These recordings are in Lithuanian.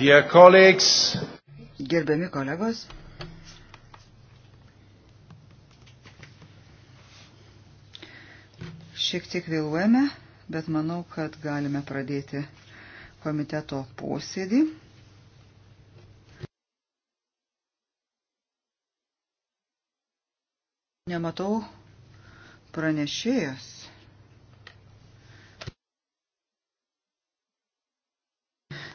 Dear colleagues. Gerbiami kolegos. Šiek tiek vėluojame, bet manau, kad galime pradėti komiteto posėdį. Nematau pranešėjos.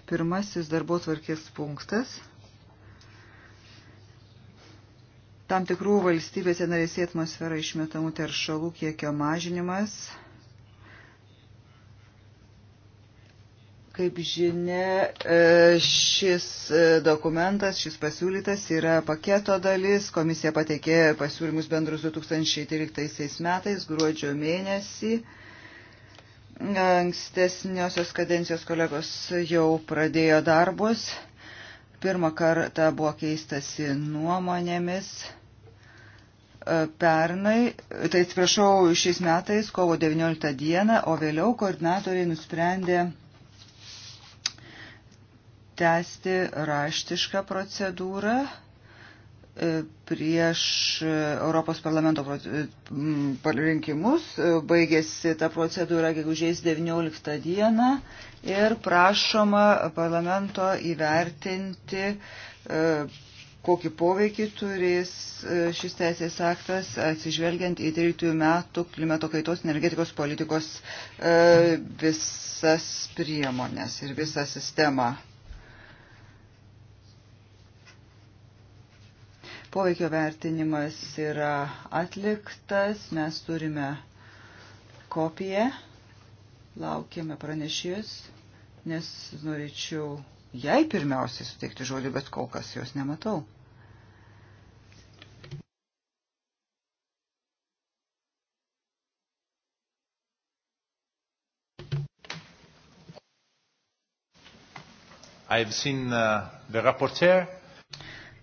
Pirmasis darbo tvarkės punktas. Tam tikrų valstybėse narėse atmosfera išmetamų teršalų kiekio mažinimas. Kaip žinia, e, šis e, dokumentas, šis pasiūlytas yra paketo dalis. Komisija pateikė pasiūlymus bendrus 2013 metais, gruodžio mėnesį. Ankstesniosios kadencijos kolegos jau pradėjo darbus. Pirmą kartą buvo keistasi nuomonėmis e, pernai, tai atsiprašau, šiais metais, kovo 19 dieną, o vėliau koordinatoriai nusprendė tęsti raštišką procedūrą E, prieš Europos parlamento e, rinkimus. E, baigėsi ta procedūra gegužės 19 dieną ir prašoma parlamento įvertinti, kokį poveikį turės šis teisės aktas atsižvelgiant į 13 metų klimato kaitos energetikos politikos visas priemonės ir visą sistemą. Poveikio vertinimas yra atliktas, mes turime kopiją, laukiame pranešėjus, nes norėčiau jai pirmiausiai suteikti žodį, bet kol kas jos nematau. I've seen uh, the rapporteur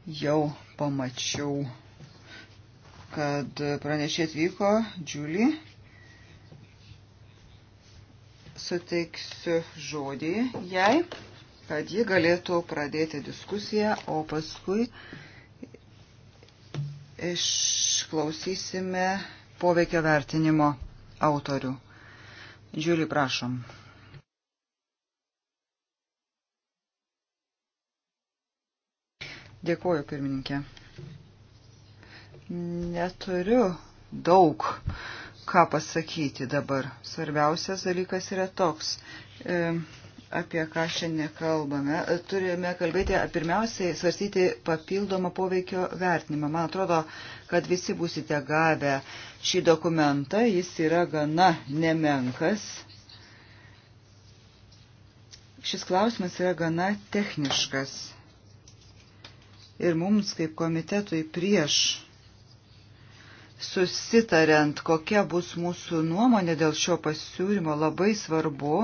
jau pamačiau, kad pranešė atvyko Džiulį. Suteiksiu žodį jai, kad ji galėtų pradėti diskusiją, o paskui išklausysime poveikio vertinimo autorių. Džiulį, prašom. Dėkuoju, pirmininkė. Neturiu daug ką pasakyti dabar. Svarbiausias dalykas yra toks. E, apie ką šiandien kalbame. E, turime kalbėti pirmiausiai svarstyti papildomą poveikio vertinimą. Man atrodo, kad visi būsite gavę šį dokumentą. Jis yra gana nemenkas. Šis klausimas yra gana techniškas ir mums kaip komitetui prieš susitariant, kokia bus mūsų nuomonė dėl šio pasiūlymo, labai svarbu,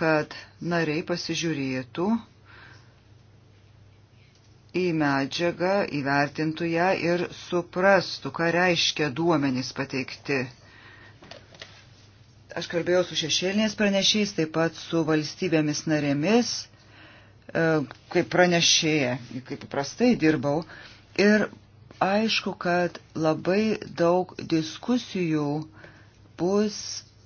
kad nariai pasižiūrėtų į medžiagą, įvertintų ją ir suprastų, ką reiškia duomenys pateikti. Aš kalbėjau su šešėlinės pranešiais, taip pat su valstybėmis narėmis E, kaip pranešėja, kaip įprastai dirbau. Ir aišku, kad labai daug diskusijų bus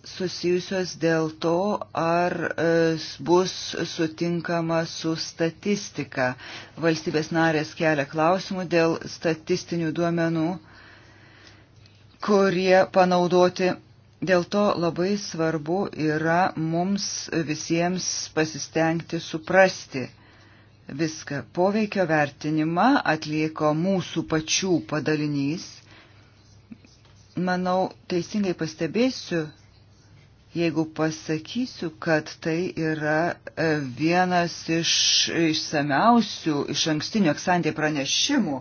susijusios dėl to, ar e, bus sutinkama su statistika. Valstybės narės kelia klausimų dėl statistinių duomenų, kurie panaudoti. Dėl to labai svarbu yra mums visiems pasistengti suprasti viską. Poveikio vertinimą atliko mūsų pačių padalinys. Manau, teisingai pastebėsiu, jeigu pasakysiu, kad tai yra e, vienas iš išsameusių iš ankstinių eksantė pranešimų.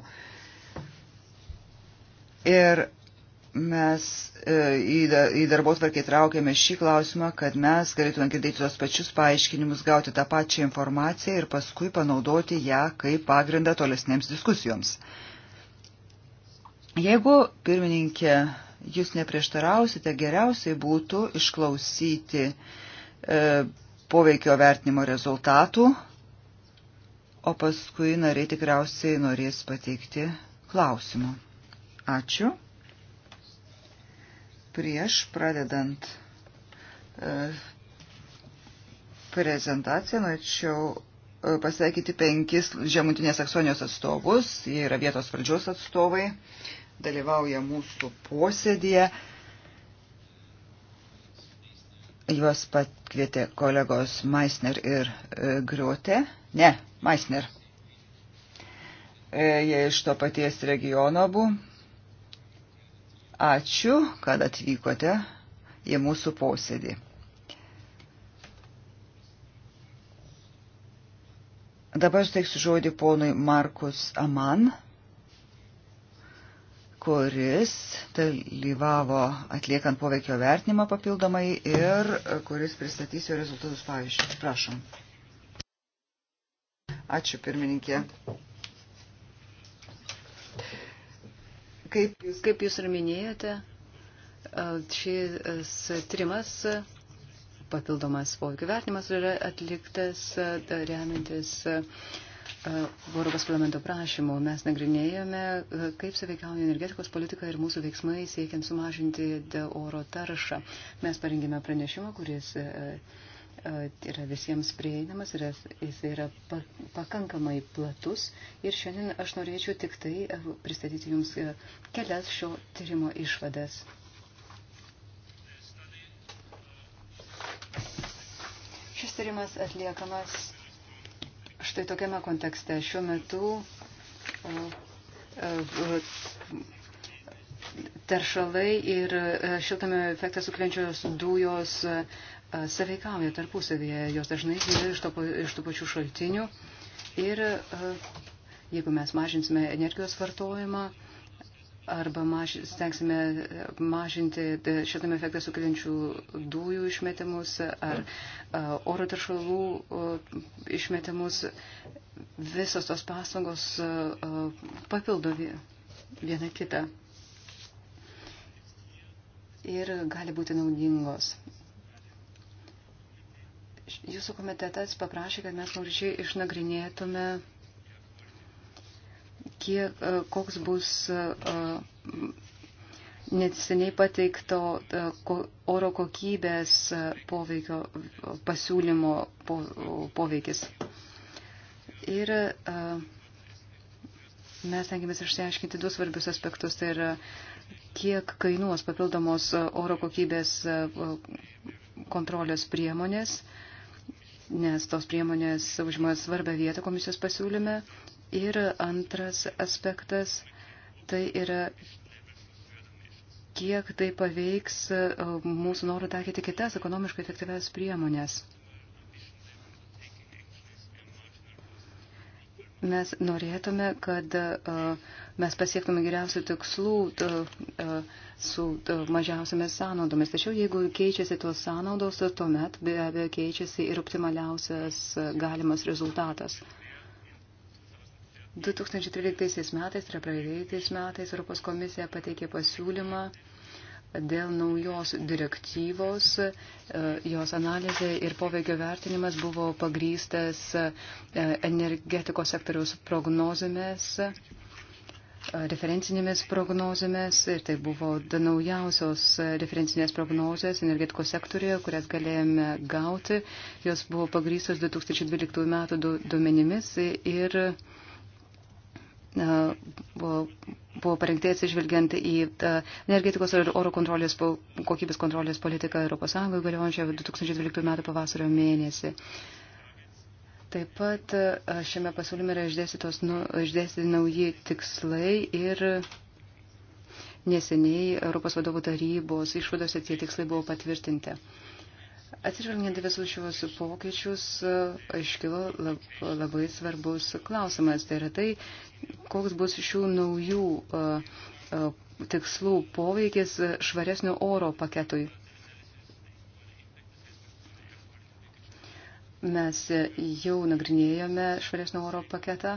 Ir mes e, į darbo tvarkį traukėme šį klausimą, kad mes galėtume girdėti tos pačius paaiškinimus, gauti tą pačią informaciją ir paskui panaudoti ją kaip pagrindą tolesnėms diskusijoms. Jeigu, pirmininkė, jūs neprieštarausite, geriausiai būtų išklausyti e, poveikio vertinimo rezultatų, o paskui nariai tikriausiai norės pateikti klausimų. Ačiū. Prieš pradedant e, prezentaciją norėčiau e, pasveikyti penkis žemutinės Saksonijos atstovus. Jie yra vietos valdžios atstovai, dalyvauja mūsų posėdėje. Juos pakvietė kolegos Meisner ir e, Griotė. Ne, Meisner. Jie iš to paties regiono buvo Ačiū, kad atvykote į mūsų posėdį. Dabar suteiksiu žodį ponui Markus Aman, kuris dalyvavo atliekant poveikio vertinimą papildomai ir kuris pristatys jo rezultatus pavyzdžiui. Prašom. Ačiū pirmininkė. Kaip jūs, kaip jūs ir minėjote, šis trimas papildomas poveikio vertinimas yra atliktas remintis Europos parlamento prašymu. Mes nagrinėjome, kaip saveikiauja energetikos politika ir mūsų veiksmai siekiant sumažinti oro taršą. Mes parengėme pranešimą, kuris E, yra visiems prieinamas, yra, jis yra pakankamai platus ir šiandien aš norėčiau tik tai e, pristatyti Jums e, kelias šio tyrimo išvadas. Šis tyrimas atliekamas štai tokiame kontekste. Šiuo metu teršalai ir šiltame efektą sukeliančios dujos saveikauja tarpusavėje, jos dažnai kyla iš, to, iš tų pačių šaltinių. Ir e, jeigu mes mažinsime energijos vartojimą arba maž, stengsime mažinti e, šiltame efektą sukeliančių dujų išmetimus ar e, oro taršalų išmetimus, visos tos pastangos papildo vieną kitą ir gali būti naudingos. Jūsų komitetas paprašė, kad mes konkrečiai išnagrinėtume, kiek, e, koks bus e, neseniai pateikto e, oro kokybės poveikio pasiūlymo poveikis. Ir mes tengiamės išsiaiškinti du svarbius aspektus. Tai yra, kiek kainuos papildomos oro kokybės kontrolės priemonės nes tos priemonės užima svarbę vietą komisijos pasiūlyme. Ir antras aspektas tai yra, kiek tai paveiks e, mūsų norą taikyti kitas ekonomiškai efektyves priemonės. Mes norėtume, kad uh, mes pasiektume geriausių tikslų t, e, su t, mažiausiamis sąnaudomis. Tačiau jeigu keičiasi tos sąnaudos, tuomet be abejo keičiasi ir optimaliausias e, galimas rezultatas. 2013 metais, tai yra praeitais metais, Europos komisija pateikė pasiūlymą dėl naujos direktyvos, e, jos analizė ir poveikio vertinimas buvo pagrystas energetikos sektoriaus prognozėmis referencinėmis prognozėmis ir tai buvo naujausios referencinės prognozės energetikos sektorėje, kurias galėjome gauti. Jos buvo pagrystos 2012 metų duomenimis ir buvo, buvo parengti atsižvelgiant į energetikos ir oro kontrolės, kokybės kontrolės politiką ES galiojančią 2012 metų pavasario mėnesį. Taip pat e, šiame pasiūlyme yra nu, išdėstyti nauji tikslai ir neseniai Europos vadovų tarybos išvadose tie tikslai buvo patvirtinti. Atsižvelgiant visus šios pokyčius, e, iškilo labai svarbus klausimas. Tai yra tai, koks bus šių naujų e, tikslų poveikis švaresnio oro paketui Mes jau nagrinėjome švaresnio oro paketą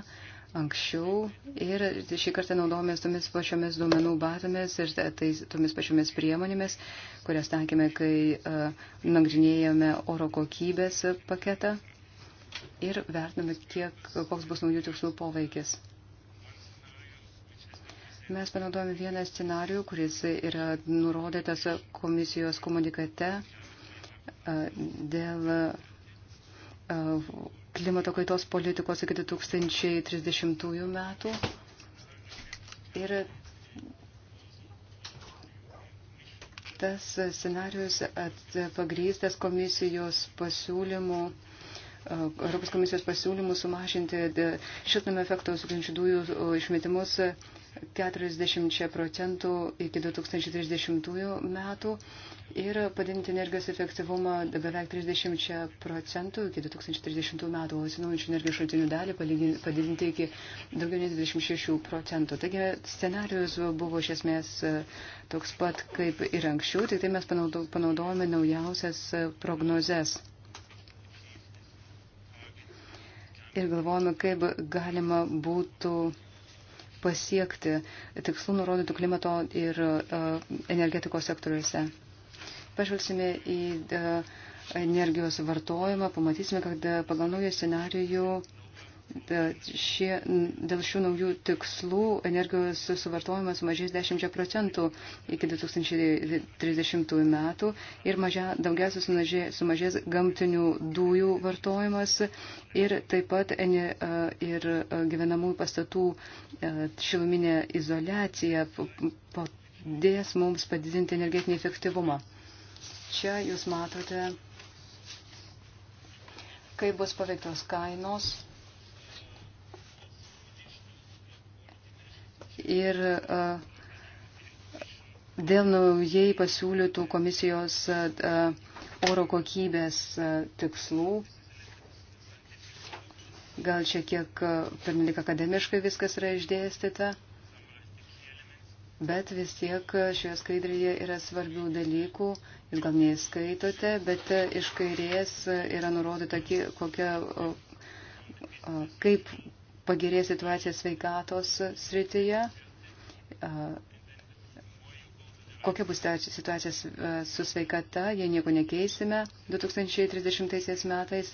anksčiau ir šį kartą naudojomės tomis pačiomis duomenų bazėmis ir tais, tomis pačiomis priemonėmis, kurias tankėme, kai uh, e, nagrinėjome oro kokybės paketą ir vertiname, kiek, koks bus naujų tikslų poveikis. Mes panaudojame vieną scenarių, kuris yra nurodytas komisijos komunikate uh, dėl. Uh, E, klimato kaitos politikos iki 2030 metų. Ir tas scenarius pagrystas komisijos pasiūlymų e, Europos komisijos pasiūlymų sumažinti šiltnamio efekto sukeliančių dujų išmetimus 40 procentų iki 2030 metų ir padinti energijos efektyvumą beveik 30 procentų iki 2030 metų, o atsinaujančių energijos šaltinių dalį padidinti iki daugiau nei 26 procentų. Taigi scenarius buvo iš esmės toks pat kaip ir anksčiau, tik tai mes panaudojame naujausias prognozes. Ir galvojame, kaip galima būtų pasiekti tikslų nurodytų klimato ir e, energetikos sektoriuose. Pažvelgsime į e, energijos vartojimą, pamatysime, kad e, pagal naują scenarijų šie, dėl šių naujų tikslų energijos suvartojimas sumažės 10 procentų iki 2030 metų ir mažia, daugiausia sumažės, sumažės gamtinių dujų vartojimas ir taip pat ir gyvenamųjų pastatų šiluminė izolacija padės mums padidinti energetinį efektyvumą. Čia jūs matote, kaip bus paveiktos kainos ir dėl naujai pasiūlytų komisijos oro kokybės tikslų. Gal šiek tiek pernelik akademiškai viskas yra išdėstyta, bet vis tiek šioje skaidrėje yra svarbių dalykų. Jūs gal neįskaitote, bet iš kairės yra nurodyta, kokia, kaip pagerės situacija sveikatos srityje kokia bus ta situacija su sveikata, jei nieko nekeisime 2030 metais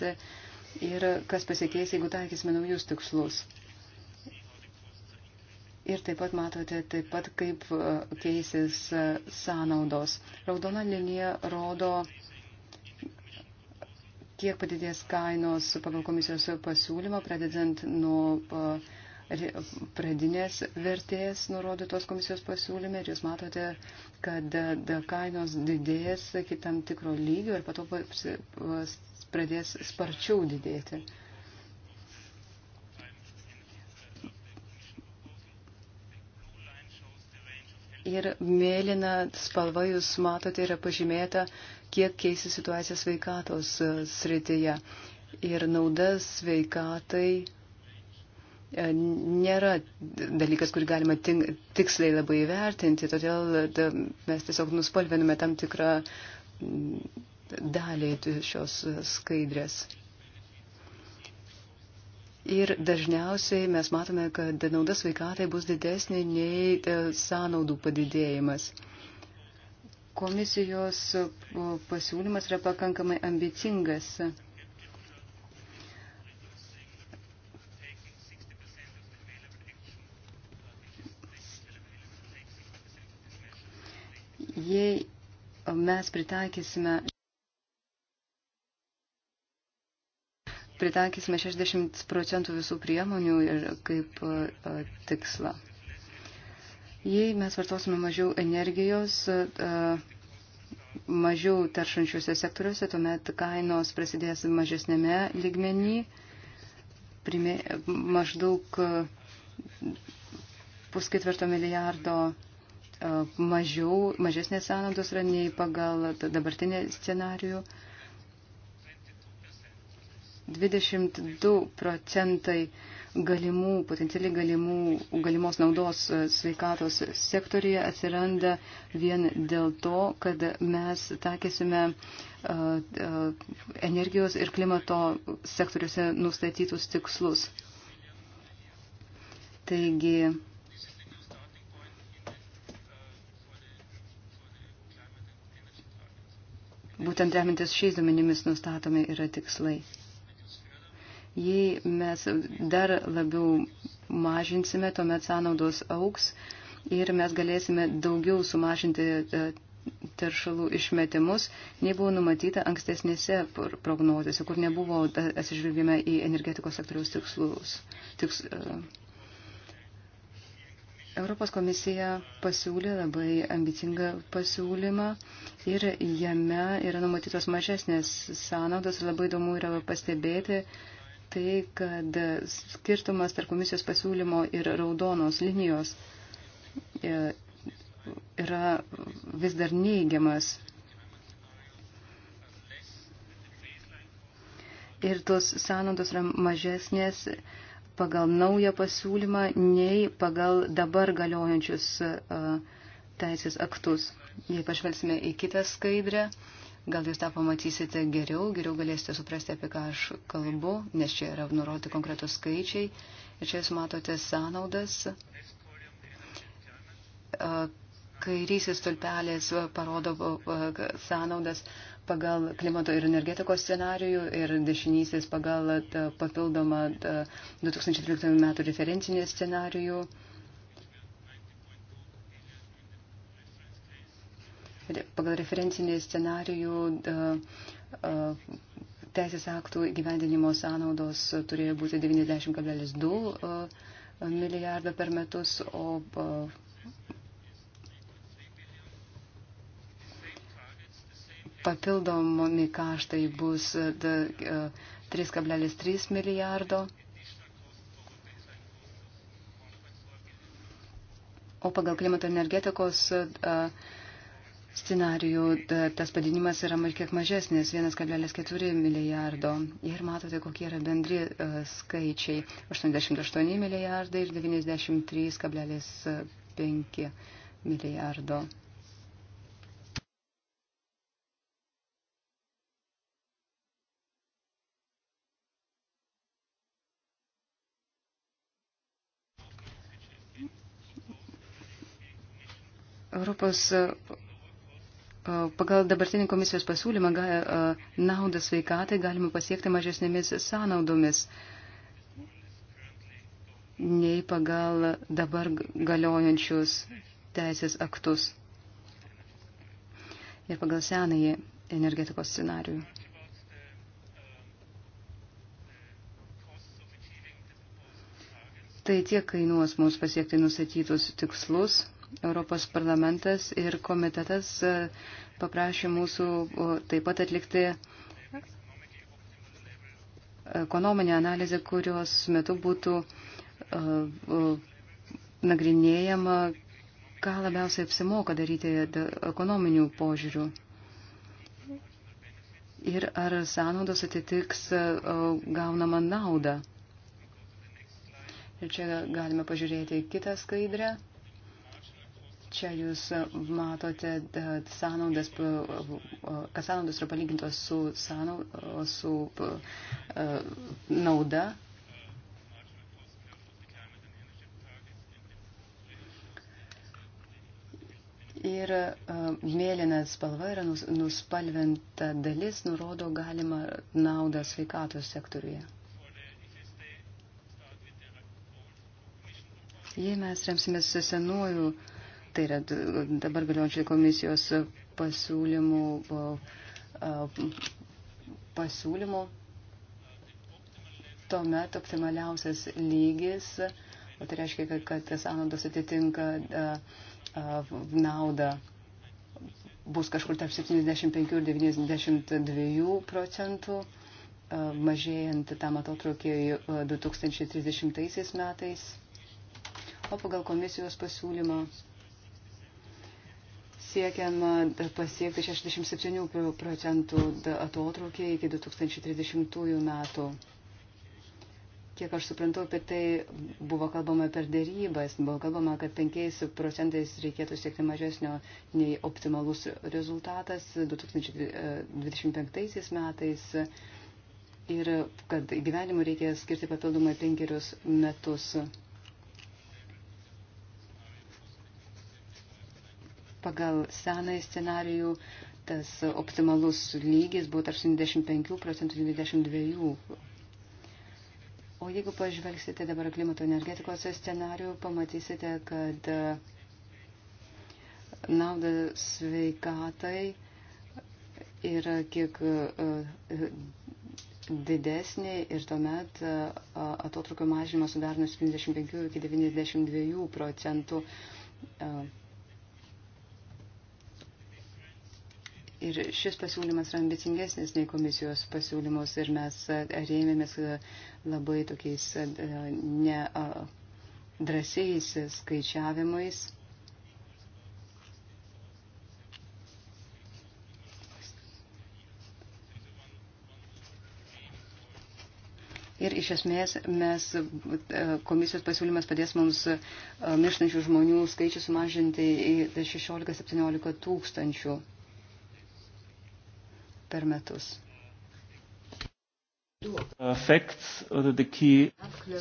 ir kas pasikeis, jeigu taikysime naujus tikslus. Ir taip pat matote, taip pat kaip keisis sąnaudos. Raudona linija rodo, kiek padidės kainos pagal komisijos pasiūlymą, pradedant nuo pradinės vertės nurodytos komisijos pasiūlyme ir jūs matote, kad e, kainos didės iki tam tikro lygio ir pato pradės sparčiau didėti. Ir mėlyna spalva jūs matote yra pažymėta, kiek keisi situacija sveikatos e, srityje. Ir nauda sveikatai E, nėra dalykas, kurį galima tiksliai labai įvertinti, todėl mes tiesiog nuspalviname tam tikrą dalį šios skaidrės. Ir dažniausiai mes matome, kad nauda sveikatai bus didesnė nei e, sąnaudų padidėjimas. Komisijos pasiūlymas yra pakankamai ambicingas. jei mes pritaikysime. Pritaikysime 60 procentų visų priemonių ir kaip e, tikslą. Jei mes vartosime mažiau energijos, e, mažiau taršančiuose sektoriuose, tuomet kainos prasidės mažesnėme ligmenį, primė, maždaug e, pusketvirto milijardo mažiau, mažesnės sąnaudos yra nei pagal dabartinį scenarių. 22 procentai galimų, potencialiai galimų, galimos naudos sveikatos sektorija atsiranda vien dėl to, kad mes takėsime energijos ir klimato sektoriuose nustatytus tikslus. Taigi, Būtent remintis šiais duomenimis nustatomi yra tikslai. Jei mes dar labiau mažinsime, tuomet sąnaudos auks ir mes galėsime daugiau sumažinti e, teršalų išmetimus, nei buvo numatyta ankstesnėse prognozėse, kur nebuvo e, atsižvelgime į energetikos sektoriaus tikslus. Tiks, uh, Europos komisija pasiūlė labai ambicingą pasiūlymą ir jame yra numatytos mažesnės sąnaudos. Labai įdomu yra pastebėti tai, kad skirtumas tarp komisijos pasiūlymo ir raudonos linijos e, yra vis dar neigiamas. Ir tos sąnaudos yra mažesnės pagal naują pasiūlymą, nei pagal dabar galiojančius teisės aktus. Jei pažvelgsime į kitą skaidrę, gal jūs tą pamatysite geriau, geriau galėsite suprasti, apie ką aš kalbu, nes čia yra nurodyti konkretos skaičiai. Ir čia jūs matote sąnaudas. Kairysis stulpelis parodo sąnaudas pagal klimato ir energetikos scenarijų ir dešinysis pagal e, papildomą 2013 e, metų referencinį scenarijų. Pagal referencinį scenarijų e, teisės aktų gyvendinimo sąnaudos turėjo būti 90,2 milijardo per metus, o papildomi kaštai bus 3,3 e, e, milijardo. O pagal klimato energetikos e, scenarijų tas padinimas yra kiek mažesnis, 1,4 milijardo. Ir matote, kokie yra bendri skaičiai - 88 milijardai ir 93,5 milijardo. Europos e, e, pagal dabartinį komisijos pasiūlymą e, naudą sveikatai galima pasiekti mažesnėmis sąnaudomis nei pagal dabar galiojančius teisės aktus ir pagal senąjį energetikos scenarių. Tai tiek kainuos mums pasiekti nusatytus tikslus Europos parlamentas ir komitetas e, paprašė mūsų taip pat atlikti ekonominę analizę, kurios metu būtų e, nagrinėjama, ką labiausiai apsimoka daryti ekonominių požiūrių. Ir ar sąnaudos atitiks e, gaunamą naudą. Ir čia galime pažiūrėti kitą skaidrę. Čia jūs matote sąnaudas, kas sąnaudas yra palygintos su, sąnau, su e, nauda. Ir e, mėlyna spalva yra nuspalvinta dalis, nurodo galima naudą sveikatos sektoriuje. Jei mes remsimės senuoju Tai yra dabar galiojančiai komisijos pasiūlymų, pasiūlymų. Tuomet optimaliausias lygis, o tai reiškia, kad, kad sąnaudos atitinka naudą, bus kažkur tarp 75 ir 92 procentų mažėjant tam atotrukiai 2030 metais. O pagal komisijos pasiūlymą siekiama pasiekti 67 procentų atotrukį iki 2030 metų. Kiek aš suprantu, apie tai buvo kalbama per dėrybas, buvo kalbama, kad 5 procentais reikėtų siekti mažesnio nei optimalus rezultatas 2025 e, metais ir kad gyvenimui reikia skirti papildomai penkerius metus. pagal senąjį scenarijų tas optimalus lygis buvo tarp 75 procentų 22. O jeigu pažvelgsite dabar klimato energetikos scenarijų, pamatysite, kad e, nauda sveikatai yra kiek e, didesnė ir tuomet e, atotrukio mažinimas sudarino 75 iki 92 procentų Ir šis pasiūlymas yra ambicingesnis nei komisijos pasiūlymus ir mes e, rėmėmės e, labai tokiais e, nedrasiais skaičiavimais. Ir iš esmės mes, komisijos pasiūlymas padės mums mirštančių žmonių skaičių sumažinti į 16-17 tūkstančių per metus.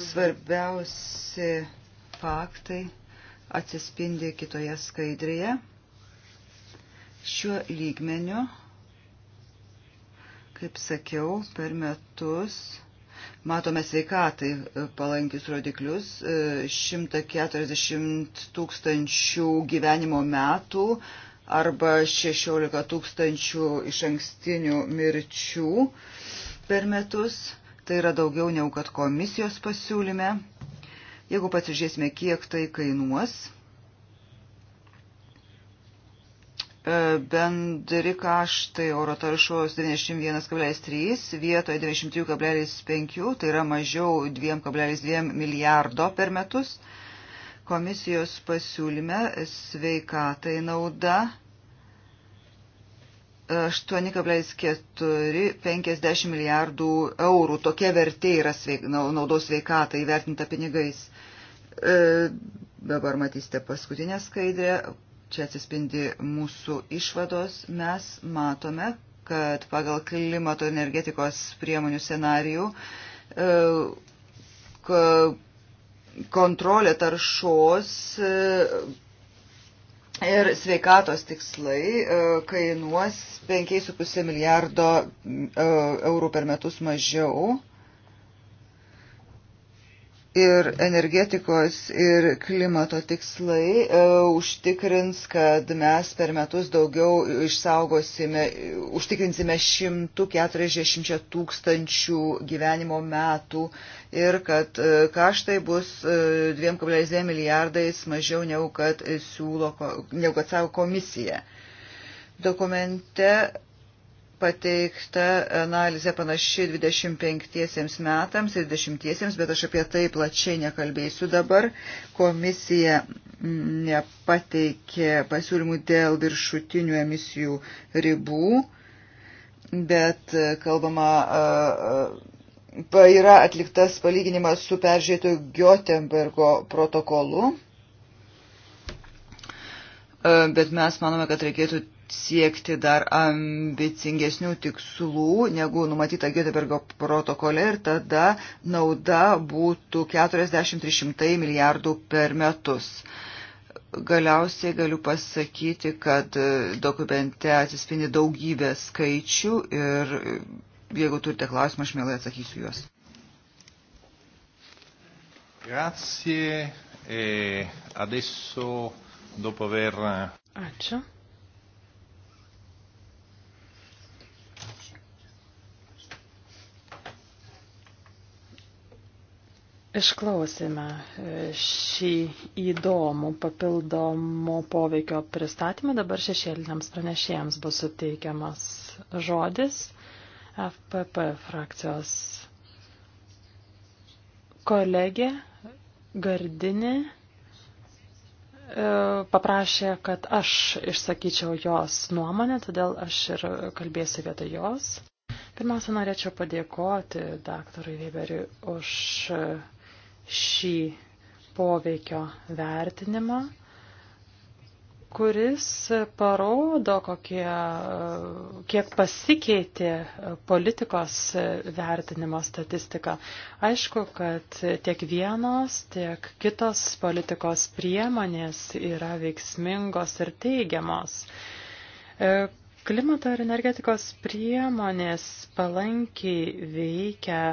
Svarbiausi faktai atsispindi kitoje skaidrėje. Šiuo lygmeniu, kaip sakiau, per metus matome sveikatai palankius rodiklius. 140 tūkstančių gyvenimo metų arba 16 tūkstančių iš ankstinių mirčių per metus. Tai yra daugiau negu kad komisijos pasiūlyme. Jeigu pasižiūrėsime, kiek tai kainuos, e, bendri kaštai oro taršos 91,3 vietoje 93,5, tai yra mažiau 2,2 milijardo per metus. Komisijos pasiūlyme sveikatai nauda 8,450 milijardų eurų. Tokia vertė yra sveik, naudos sveikatai įvertinta pinigais. E, dabar matysite paskutinę skaidrę. Čia atsispindi mūsų išvados. Mes matome, kad pagal klimato energetikos priemonių scenarijų e, kontrolė taršos e, ir sveikatos tikslai e, kainuos 5,5 milijardo e, eurų per metus mažiau ir energetikos ir klimato tikslai e, užtikrins, kad mes per metus daugiau išsaugosime, užtikrinsime 140 tūkstančių gyvenimo metų ir kad e, kaštai bus e, 2,2 milijardais mažiau negu kad, siūlo, negu kad savo komisija. Dokumente pateikta analizė panaši 25 metams ir 10, bet aš apie tai plačiai nekalbėsiu dabar. Komisija mm, nepateikė pasiūlymų dėl viršutinių emisijų ribų, bet e, kalbama. Yra atliktas palyginimas su peržiūrėtoju Göteborgo protokolu, e, bet mes manome, kad reikėtų siekti dar ambicingesnių tikslų negu numatyta Göteborgo protokole ir tada nauda būtų 40-300 milijardų per metus. Galiausiai galiu pasakyti, kad dokumente atsispindi daugybė skaičių ir jeigu turite klausimą, aš mielai atsakysiu juos. Grazie. E adesso, dopo aver... Ačiū. Išklausėme e, šį įdomų papildomo poveikio pristatymą. Dabar šešėliniams pranešėjams bus suteikiamas žodis FPP frakcijos kolegė Gardinė e, paprašė, kad aš išsakyčiau jos nuomonę, todėl aš ir kalbėsiu vietoj jos. Pirmiausia, norėčiau padėkoti daktarui Weberiui už šį poveikio vertinimą, kuris parodo, kokie, kiek pasikeitė politikos vertinimo statistika. Aišku, kad tiek vienos, tiek kitos politikos priemonės yra veiksmingos ir teigiamos. Klimato ir energetikos priemonės palankiai veikia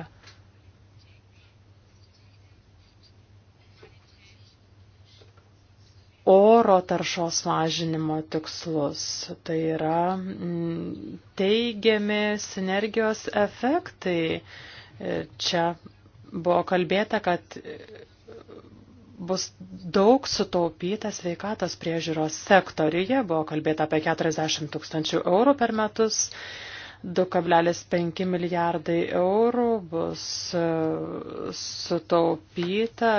oro taršos mažinimo tikslus. Tai yra mm, teigiami sinergijos efektai. Čia buvo kalbėta, kad bus daug sutaupyta sveikatos priežiūros sektoriuje, buvo kalbėta apie 40 tūkstančių eurų per metus. 2,5 milijardai eurų bus e, sutaupyta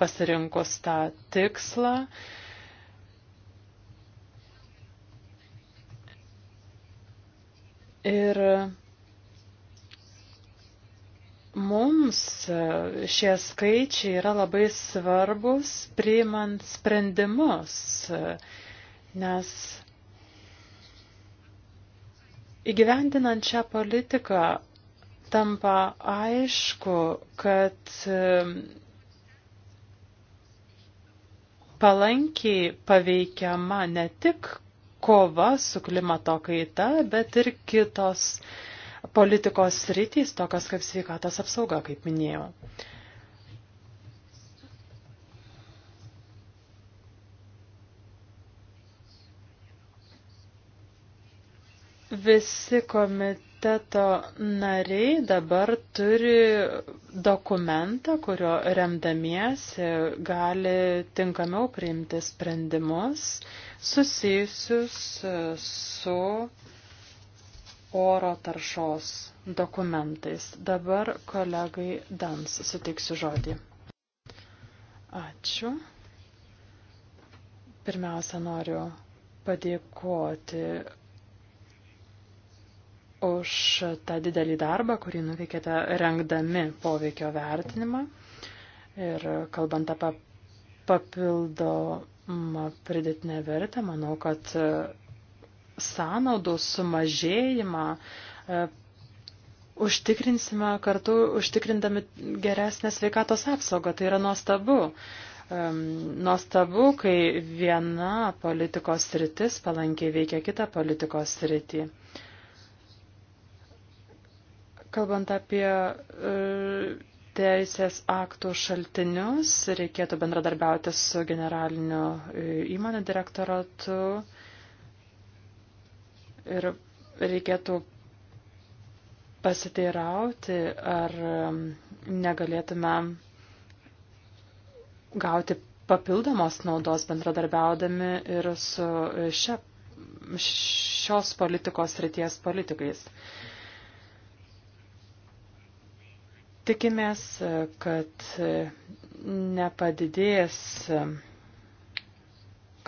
pasirinkus tą tikslą. Ir mums e, šie skaičiai yra labai svarbus priimant sprendimus, e, nes Įgyvendinant šią politiką tampa aišku, kad palankiai paveikiama ne tik kova su klimato kaita, bet ir kitos politikos rytys, tokios kaip sveikatos apsauga, kaip minėjau. Visi komiteto nariai dabar turi dokumentą, kurio remdamiesi gali tinkamiau priimti sprendimus susijusius su oro taršos dokumentais. Dabar kolegai Dans suteiksiu žodį. Ačiū. Pirmiausia, noriu padėkoti už tą didelį darbą, kurį nuveikėte rengdami poveikio vertinimą. Ir kalbant apie papildomą pridėtinę vertę, manau, kad sąnaudų sumažėjimą e, užtikrinsime kartu užtikrindami geresnę sveikatos apsaugą. Tai yra nuostabu. Nuostabu, kai viena politikos sritis palankiai veikia kitą politikos sritį. Kalbant apie e, teisės aktų šaltinius, reikėtų bendradarbiauti su generaliniu e, įmonė direktoratu ir reikėtų pasiteirauti, ar e, negalėtume gauti papildomos naudos bendradarbiaudami ir su šia, šios politikos ryties politikais. Uh, Tikimės, kad nepadidės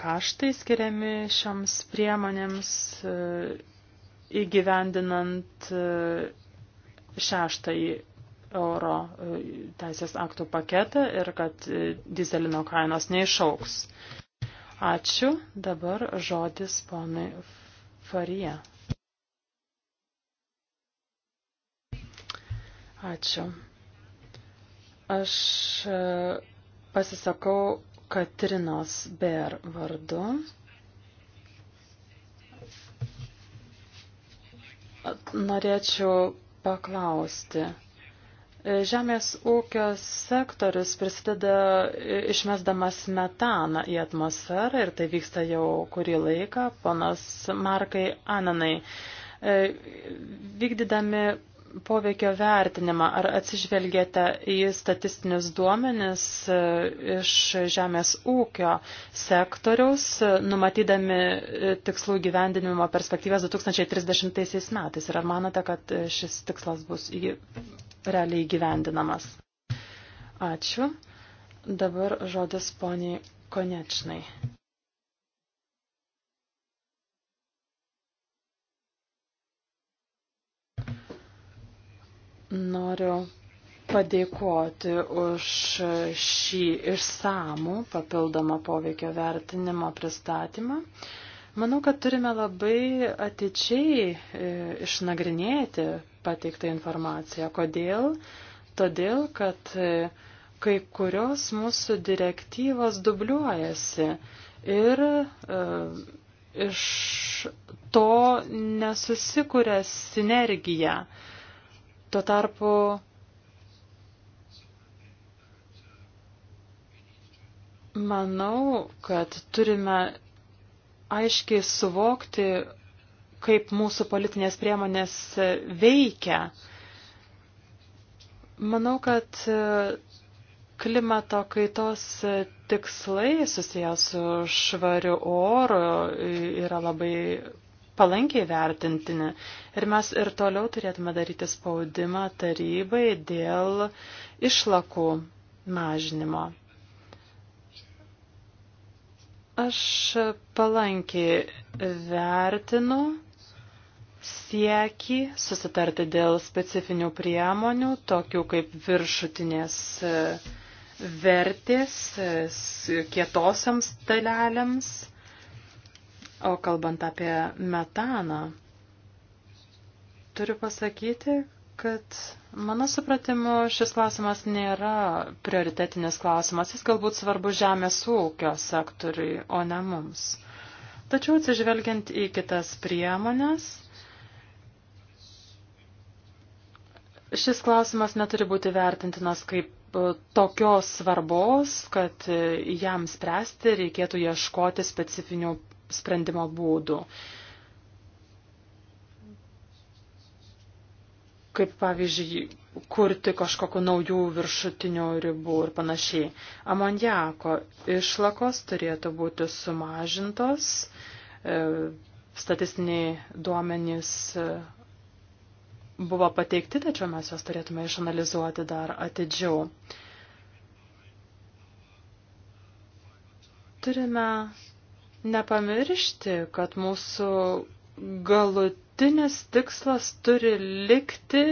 kaštai skiriami šioms priemonėms įgyvendinant šeštąjį euro teisės aktų paketą ir kad dizelino kainos neišauks. Ačiū. Dabar žodis ponui Farija. Ačiū. Aš e, pasisakau Katrinos Ber vardu. Norėčiau paklausti. Žemės ūkio sektorius prisideda išmesdamas metaną į atmosferą ir tai vyksta jau kurį laiką. Ponas Markai Ananai, e, vykdydami poveikio vertinimą. Ar atsižvelgėte į statistinius duomenis e, iš žemės ūkio sektoriaus, numatydami e, tikslų gyvendinimo perspektyvas 2030 metais? Ir ar manote, kad e, šis tikslas bus į, realiai gyvendinamas? Ačiū. Dabar žodis poniai Konečnai. Noriu padėkoti už šį išsamų papildomą poveikio vertinimo pristatymą. Manau, kad turime labai atidžiai e, išnagrinėti pateiktą informaciją. Kodėl? Todėl, kad e, kai kurios mūsų direktyvos dubliuojasi ir e, iš to nesusikuria sinergija. E, Tuo tarpu manau, kad turime aiškiai suvokti, kaip mūsų politinės priemonės veikia. Manau, kad klimato kaitos tikslai susijęs su švariu oru yra labai palankiai vertintini. Ir mes ir toliau turėtume daryti spaudimą tarybai dėl išlakų mažinimo. Aš palankiai vertinu siekį susitarti dėl specifinių priemonių, tokių kaip viršutinės e, vertės e, kietosiams dalelėms. O kalbant apie metaną, turiu pasakyti, kad mano supratimu šis klausimas nėra prioritetinis klausimas, jis galbūt svarbu žemės ūkio sektoriui, o ne mums. Tačiau atsižvelgiant į kitas priemonės, šis klausimas neturi būti vertintinas kaip e, tokios svarbos, kad e, jam spręsti reikėtų ieškoti specifinių sprendimo būdų. Kaip pavyzdžiui, kurti kažkokiu naujų viršutinių ribų ir panašiai. Amoniako išlakos turėtų būti sumažintos, e, statistiniai duomenys e, buvo pateikti, tačiau mes juos turėtume išanalizuoti dar atidžiau. Turime nepamiršti, kad mūsų galutinis tikslas turi likti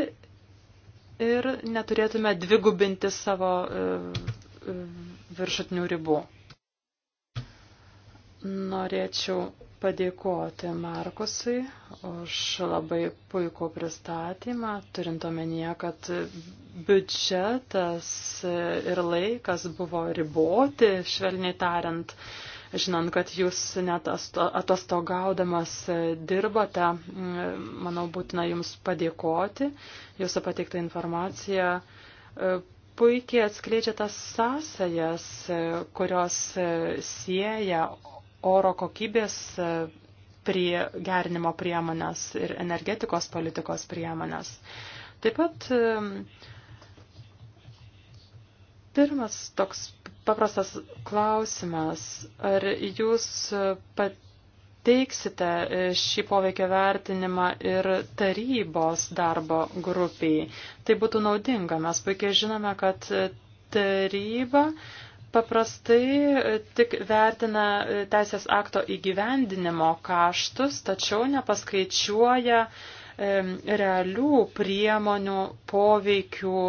ir neturėtume dvigubinti savo e, e, viršutinių ribų. Norėčiau padėkoti Markusui už labai puikų pristatymą, turint omenyje, kad biudžetas ir laikas buvo riboti, švelniai tariant. Uh, žinant, kad jūs net atostogaudamas e, dirbate, manau, būtina jums padėkoti. Jūsų pateikta informacija e, puikiai atskleidžia tas sąsajas, e, kurios sieja oro kokybės prie gerinimo priemonės ir energetikos politikos priemonės. Taip pat Pirmas toks paprastas klausimas. Ar jūs pateiksite šį poveikio vertinimą ir tarybos darbo grupiai? Tai būtų naudinga. Mes puikiai žinome, kad taryba paprastai tik vertina teisės akto įgyvendinimo kaštus, tačiau nepaskaičiuoja realių priemonių poveikių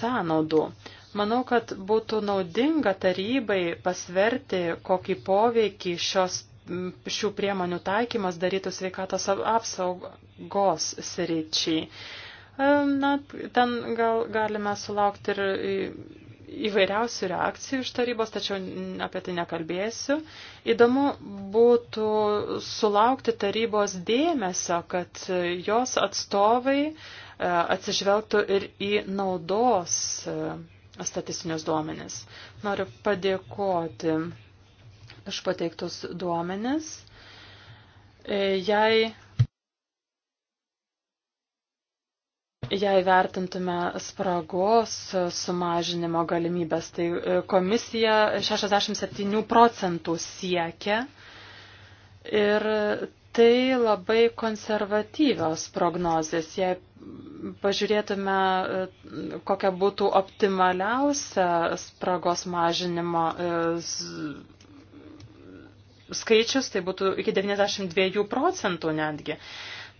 sąnaudų. Manau, kad būtų naudinga tarybai pasverti, kokį poveikį šios, šių priemonių taikymas darytų sveikatos apsaugos sričiai. Na, ten gal, galime sulaukti ir įvairiausių reakcijų iš tarybos, tačiau apie tai nekalbėsiu. Įdomu būtų sulaukti tarybos dėmesio, kad jos atstovai e, atsižvelgtų ir į naudos e, statistinius duomenis. Noriu padėkoti už pateiktus duomenis. E, jei, jei vertintume spragos sumažinimo galimybės, tai e, komisija 67 procentų siekia ir tai labai konservatyvios prognozės. Jei pažiūrėtume, e, kokia būtų optimaliausia spragos mažinimo e, skaičius, tai būtų iki 92 procentų netgi.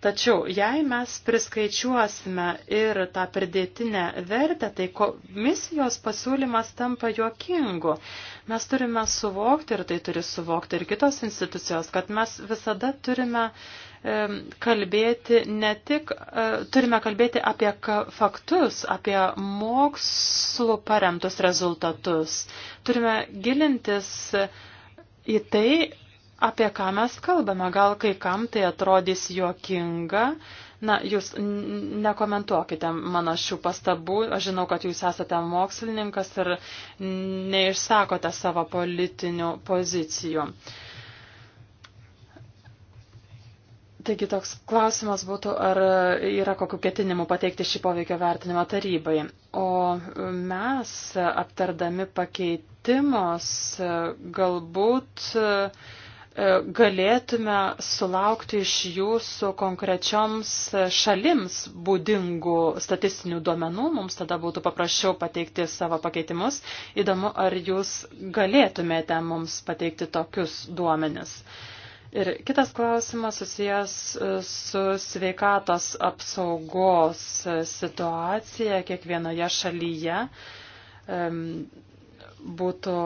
Tačiau, jei mes priskaičiuosime ir tą pridėtinę vertę, tai komisijos pasiūlymas tampa juokingu. Mes turime suvokti, ir tai turi suvokti ir kitos institucijos, kad mes visada turime kalbėti ne tik, e, turime kalbėti apie faktus, apie mokslo paremtus rezultatus. Turime gilintis į tai, apie ką mes kalbame. Gal kai kam tai atrodys juokinga. Na, jūs nekomentuokite mano šių pastabų. Aš žinau, kad jūs esate mokslininkas ir neišsakote savo politinių pozicijų. Taigi toks klausimas būtų, ar yra kokiu ketinimu pateikti šį poveikio vertinimą tarybai. O mes, aptardami pakeitimus, galbūt uh, E, galėtume sulaukti iš jūsų konkrečioms šalims būdingų statistinių duomenų, mums tada būtų paprasčiau pateikti savo pakeitimus. Įdomu, ar jūs galėtumėte mums pateikti tokius duomenis. Ir kitas klausimas susijęs e, su sveikatos apsaugos situacija kiekvienoje šalyje. Būtų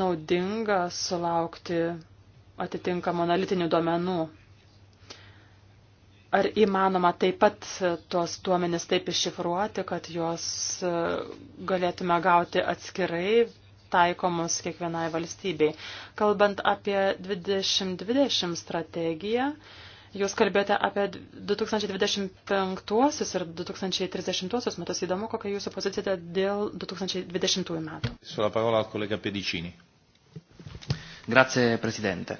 naudinga sulaukti atitinkamų analitinių duomenų. Ar įmanoma taip pat tuos duomenis taip iššifruoti, kad juos e, galėtume gauti atskirai taikomus kiekvienai valstybei? Kalbant apie 2020 strategiją, Jūs kalbėjote apie 2025 ir 2030 metus. Įdomu, kokia jūsų pozicija dėl 2020 metų. Su la parola kolega Pedicini. Grazie, prezidente.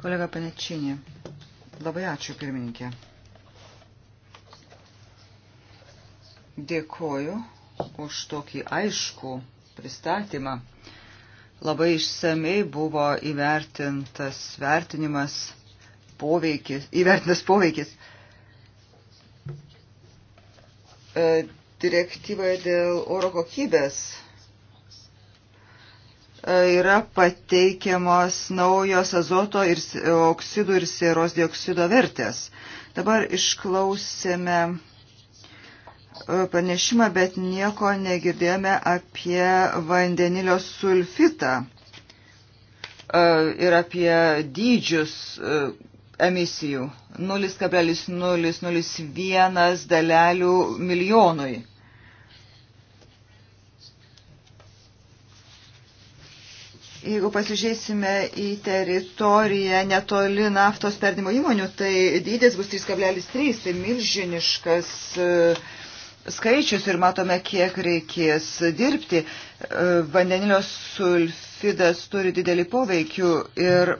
Kolega Panečinė, labai ačiū pirmininkė. Dėkoju už tokį aišku pristatymą. Labai išsamei buvo įvertintas vertinimas poveikis, įvertintas poveikis. E, direktyvoje dėl oro kokybės E, yra pateikiamos naujos azoto ir oksidų ir sieros dioksido vertės. Dabar išklausėme e, panešimą, bet nieko negirdėjome apie vandenilio sulfitą e, ir apie dydžius emisijų 0,001 dalelių milijonui. Jeigu pasižiūrėsime į teritoriją netoli naftos perdimo įmonių, tai dydis bus 3,3, tai milžiniškas e, skaičius ir matome, kiek reikės dirbti. E, vandenilio sulfidas turi didelį poveikių ir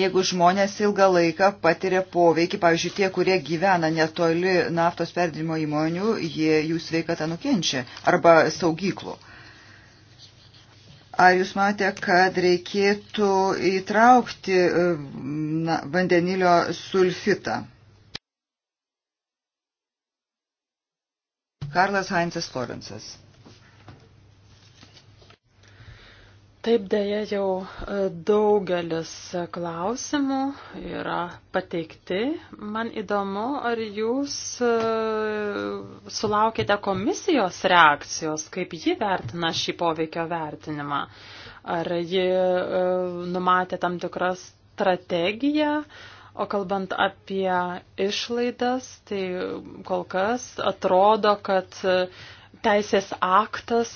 jeigu žmonės ilgą laiką patiria poveikį, pavyzdžiui, tie, kurie gyvena netoli naftos perdirimo įmonių, jie jų sveikata nukenčia arba saugyklų. Ar jūs matė, kad reikėtų įtraukti e, na, vandenilio sulfitą? Karlas Heinzas Lorenzas. Taip dėja jau e, daugelis klausimų yra pateikti. Man įdomu, ar jūs e, sulaukite komisijos reakcijos, kaip ji vertina šį poveikio vertinimą. Ar ji e, numatė tam tikrą strategiją, O kalbant apie išlaidas, tai kol kas atrodo, kad teisės aktas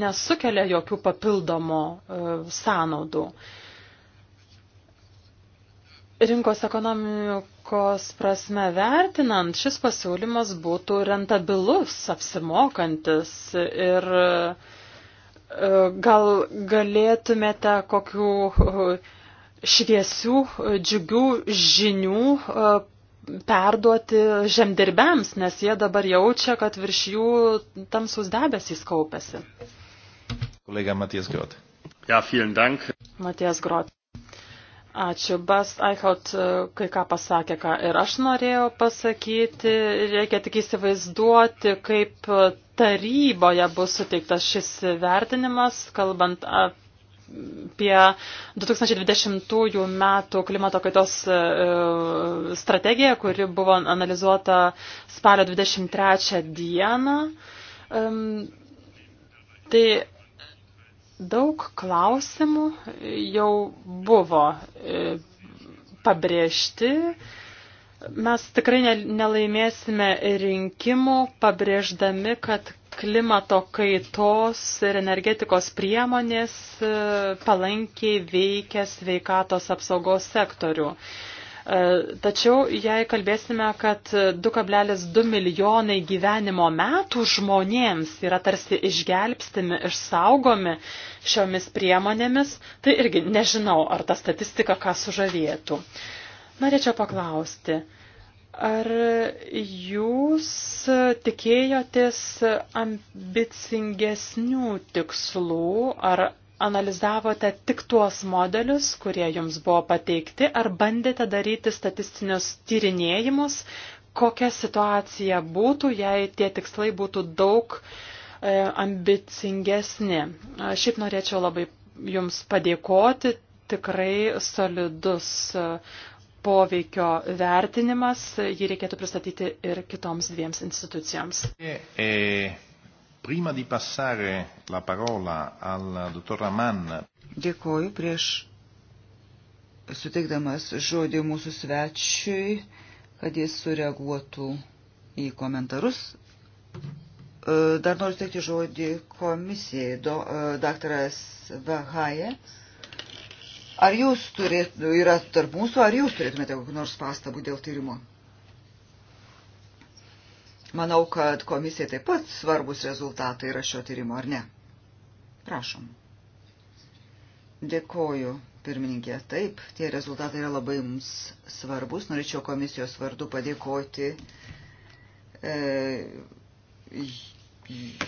nesukelia jokių papildomų e, sąnaudų. Rinkos ekonomikos prasme vertinant, šis pasiūlymas būtų rentabilus, apsimokantis ir e, gal galėtumėte kokių e, šviesių, džiugių žinių perduoti žemdirbiams, nes jie dabar jaučia, kad virš jų tamsus debesys kaupėsi. Kolega Matijas Grot. Ja, vielen Dank. Matijas Grot. Ačiū, Bas Aichaut, e, kai ką pasakė, ką ir aš norėjau pasakyti. Reikia tik įsivaizduoti, kaip taryboje bus suteiktas šis vertinimas, kalbant apie apie 2020 metų klimato kaitos e, strategiją, kuri buvo analizuota spalio 23 dieną. Tai daug klausimų jau buvo e, pabrėžti mes tikrai nelaimėsime rinkimų, pabrėždami, kad klimato kaitos ir energetikos priemonės e, palankiai veikia sveikatos apsaugos sektorių. E, tačiau, jei kalbėsime, kad 2,2 milijonai gyvenimo metų žmonėms yra tarsi išgelbstimi, išsaugomi šiomis priemonėmis, tai irgi nežinau, ar ta statistika ką sužavėtų. Uh, Norėčiau paklausti, ar jūs tikėjotės ambicingesnių tikslų, ar analizavote tik tuos modelius, kurie jums buvo pateikti, ar bandėte daryti statistinius tyrinėjimus, kokia situacija būtų, jei tie tikslai būtų daug e, ambicingesni. Šiaip norėčiau labai Jums padėkoti, tikrai solidus e, poveikio vertinimas, jį reikėtų pristatyti ir kitoms dviems institucijoms. E, e, Dėkoju prieš suteikdamas žodį mūsų svečiui, kad jis sureaguotų į komentarus. E, dar noriu teikti žodį komisijai, do, daktaras Vahaje. Ar jūs turėt, yra tarp mūsų, ar jūs turėtumėte kokių nors pastabų dėl tyrimo? Manau, kad komisija taip pat svarbus rezultatai yra šio tyrimo, ar ne? Prašom. Dėkoju, pirmininkė. Taip, tie rezultatai yra labai mums svarbus. Norėčiau komisijos vardu padėkoti. E,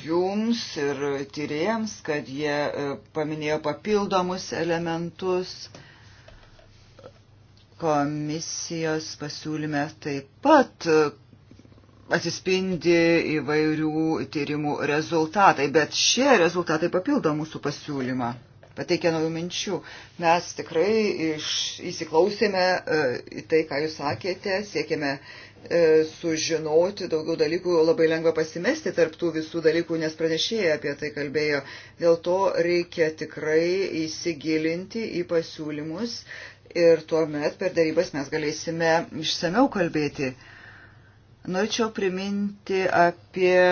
jums ir tyrėjams, kad jie e, paminėjo papildomus elementus komisijos pasiūlyme taip pat e, atsispindi įvairių tyrimų rezultatai, bet šie rezultatai papildo mūsų pasiūlymą, pateikia naujų minčių. Mes tikrai iš, įsiklausėme e, į tai, ką jūs sakėte, siekėme uh, E, sužinoti daugiau dalykų, labai lengva pasimesti tarptų visų dalykų, nes pranešėjai apie tai kalbėjo. Dėl to reikia tikrai įsigilinti į pasiūlymus ir tuomet per darybas mes galėsime išsameu kalbėti. Norėčiau priminti apie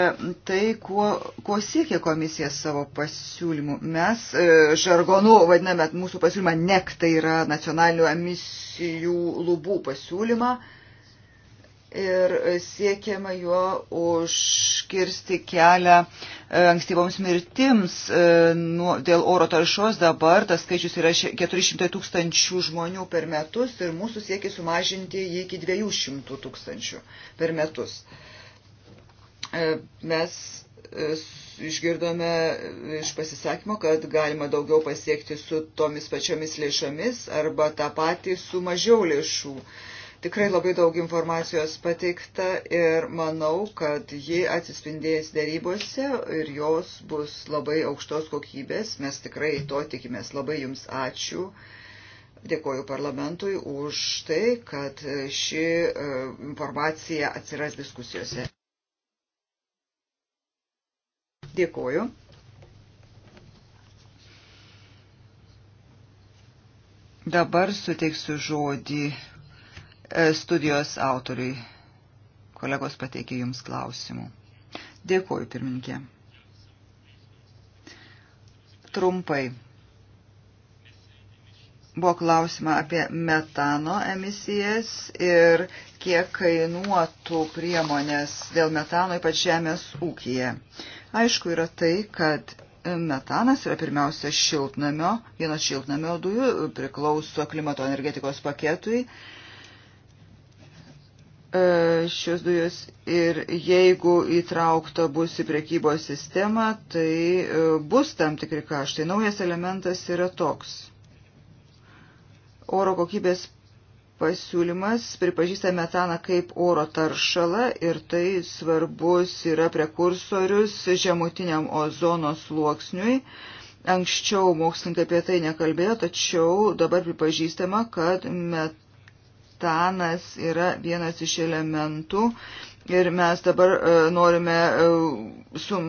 tai, kuo, kuo siekia komisija savo pasiūlymų. Mes e, žargonu vadiname mūsų pasiūlymą NEC, tai yra nacionalinių emisijų lubų pasiūlymą. E, ir siekiama juo užkirsti kelią e, ankstyvoms mirtims e, dėl oro taršos. Dabar tas skaičius yra 400 tūkstančių žmonių per metus ir mūsų siekia sumažinti jį iki 200 tūkstančių per metus. E, mes išgirdome iš pasisakymo, kad galima daugiau pasiekti su tomis pačiomis lėšomis arba tą patį su mažiau lėšų. Tikrai labai daug informacijos pateikta ir manau, kad ji atsispindės dėrybose ir jos bus labai aukštos kokybės. Mes tikrai to tikimės. Labai Jums ačiū. Dėkoju parlamentui už tai, kad ši e, informacija atsiras diskusijose. Dėkoju. Dabar suteiksiu žodį E, studijos autoriui. Kolegos pateikė jums klausimų. Dėkuoju, pirmininkė. Trumpai. Buvo klausima apie metano emisijas ir kiek kainuotų priemonės dėl metano, ypač žemės ūkyje. Aišku yra tai, kad metanas yra pirmiausia šiltnamio, vienas šiltnamio dujų priklauso klimato energetikos paketui E, šios dujos ir jeigu įtraukta bus į priekybos sistemą, tai e, bus tam tikri kaštai. Naujas elementas yra toks. Oro kokybės pasiūlymas pripažįsta metaną kaip oro taršalą ir tai svarbus yra prekursorius žemutiniam ozono sluoksniui. Anksčiau mokslininkai apie tai nekalbėjo, tačiau dabar pripažįstama, kad met Afganistanas yra vienas iš elementų ir mes dabar e, norime e, sum,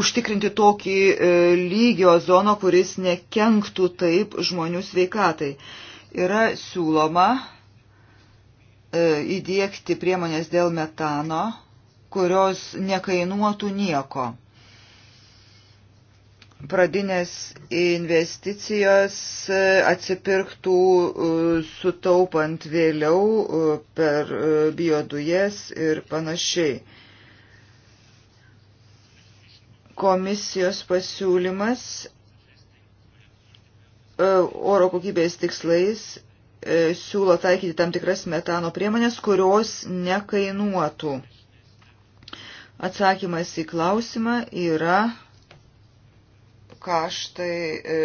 užtikrinti tokį e, lygio zoną, kuris nekenktų taip žmonių sveikatai. Yra siūloma įdėkti priemonės dėl metano, kurios nekainuotų nieko pradinės investicijos e, atsipirktų e, sutaupant vėliau e, per biodujas ir panašiai. Komisijos pasiūlymas oro kokybės tikslais siūlo taikyti tam tikras metano priemonės, kurios nekainuotų. Atsakymas į klausimą yra kaštai e,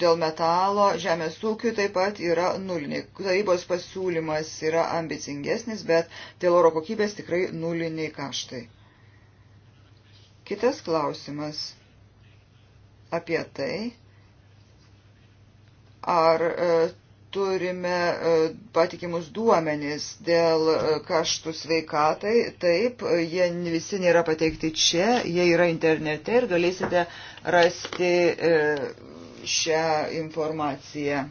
dėl metalo žemės ūkiui taip pat yra nuliniai. Tarybos pasiūlymas yra ambicingesnis, bet dėl oro kokybės tikrai nuliniai kaštai. Kitas klausimas apie tai, ar e, turime e, patikimus duomenys dėl e, kaštų sveikatai. Taip, jie visi nėra pateikti čia, jie yra internete ir galėsite rasti e, šią informaciją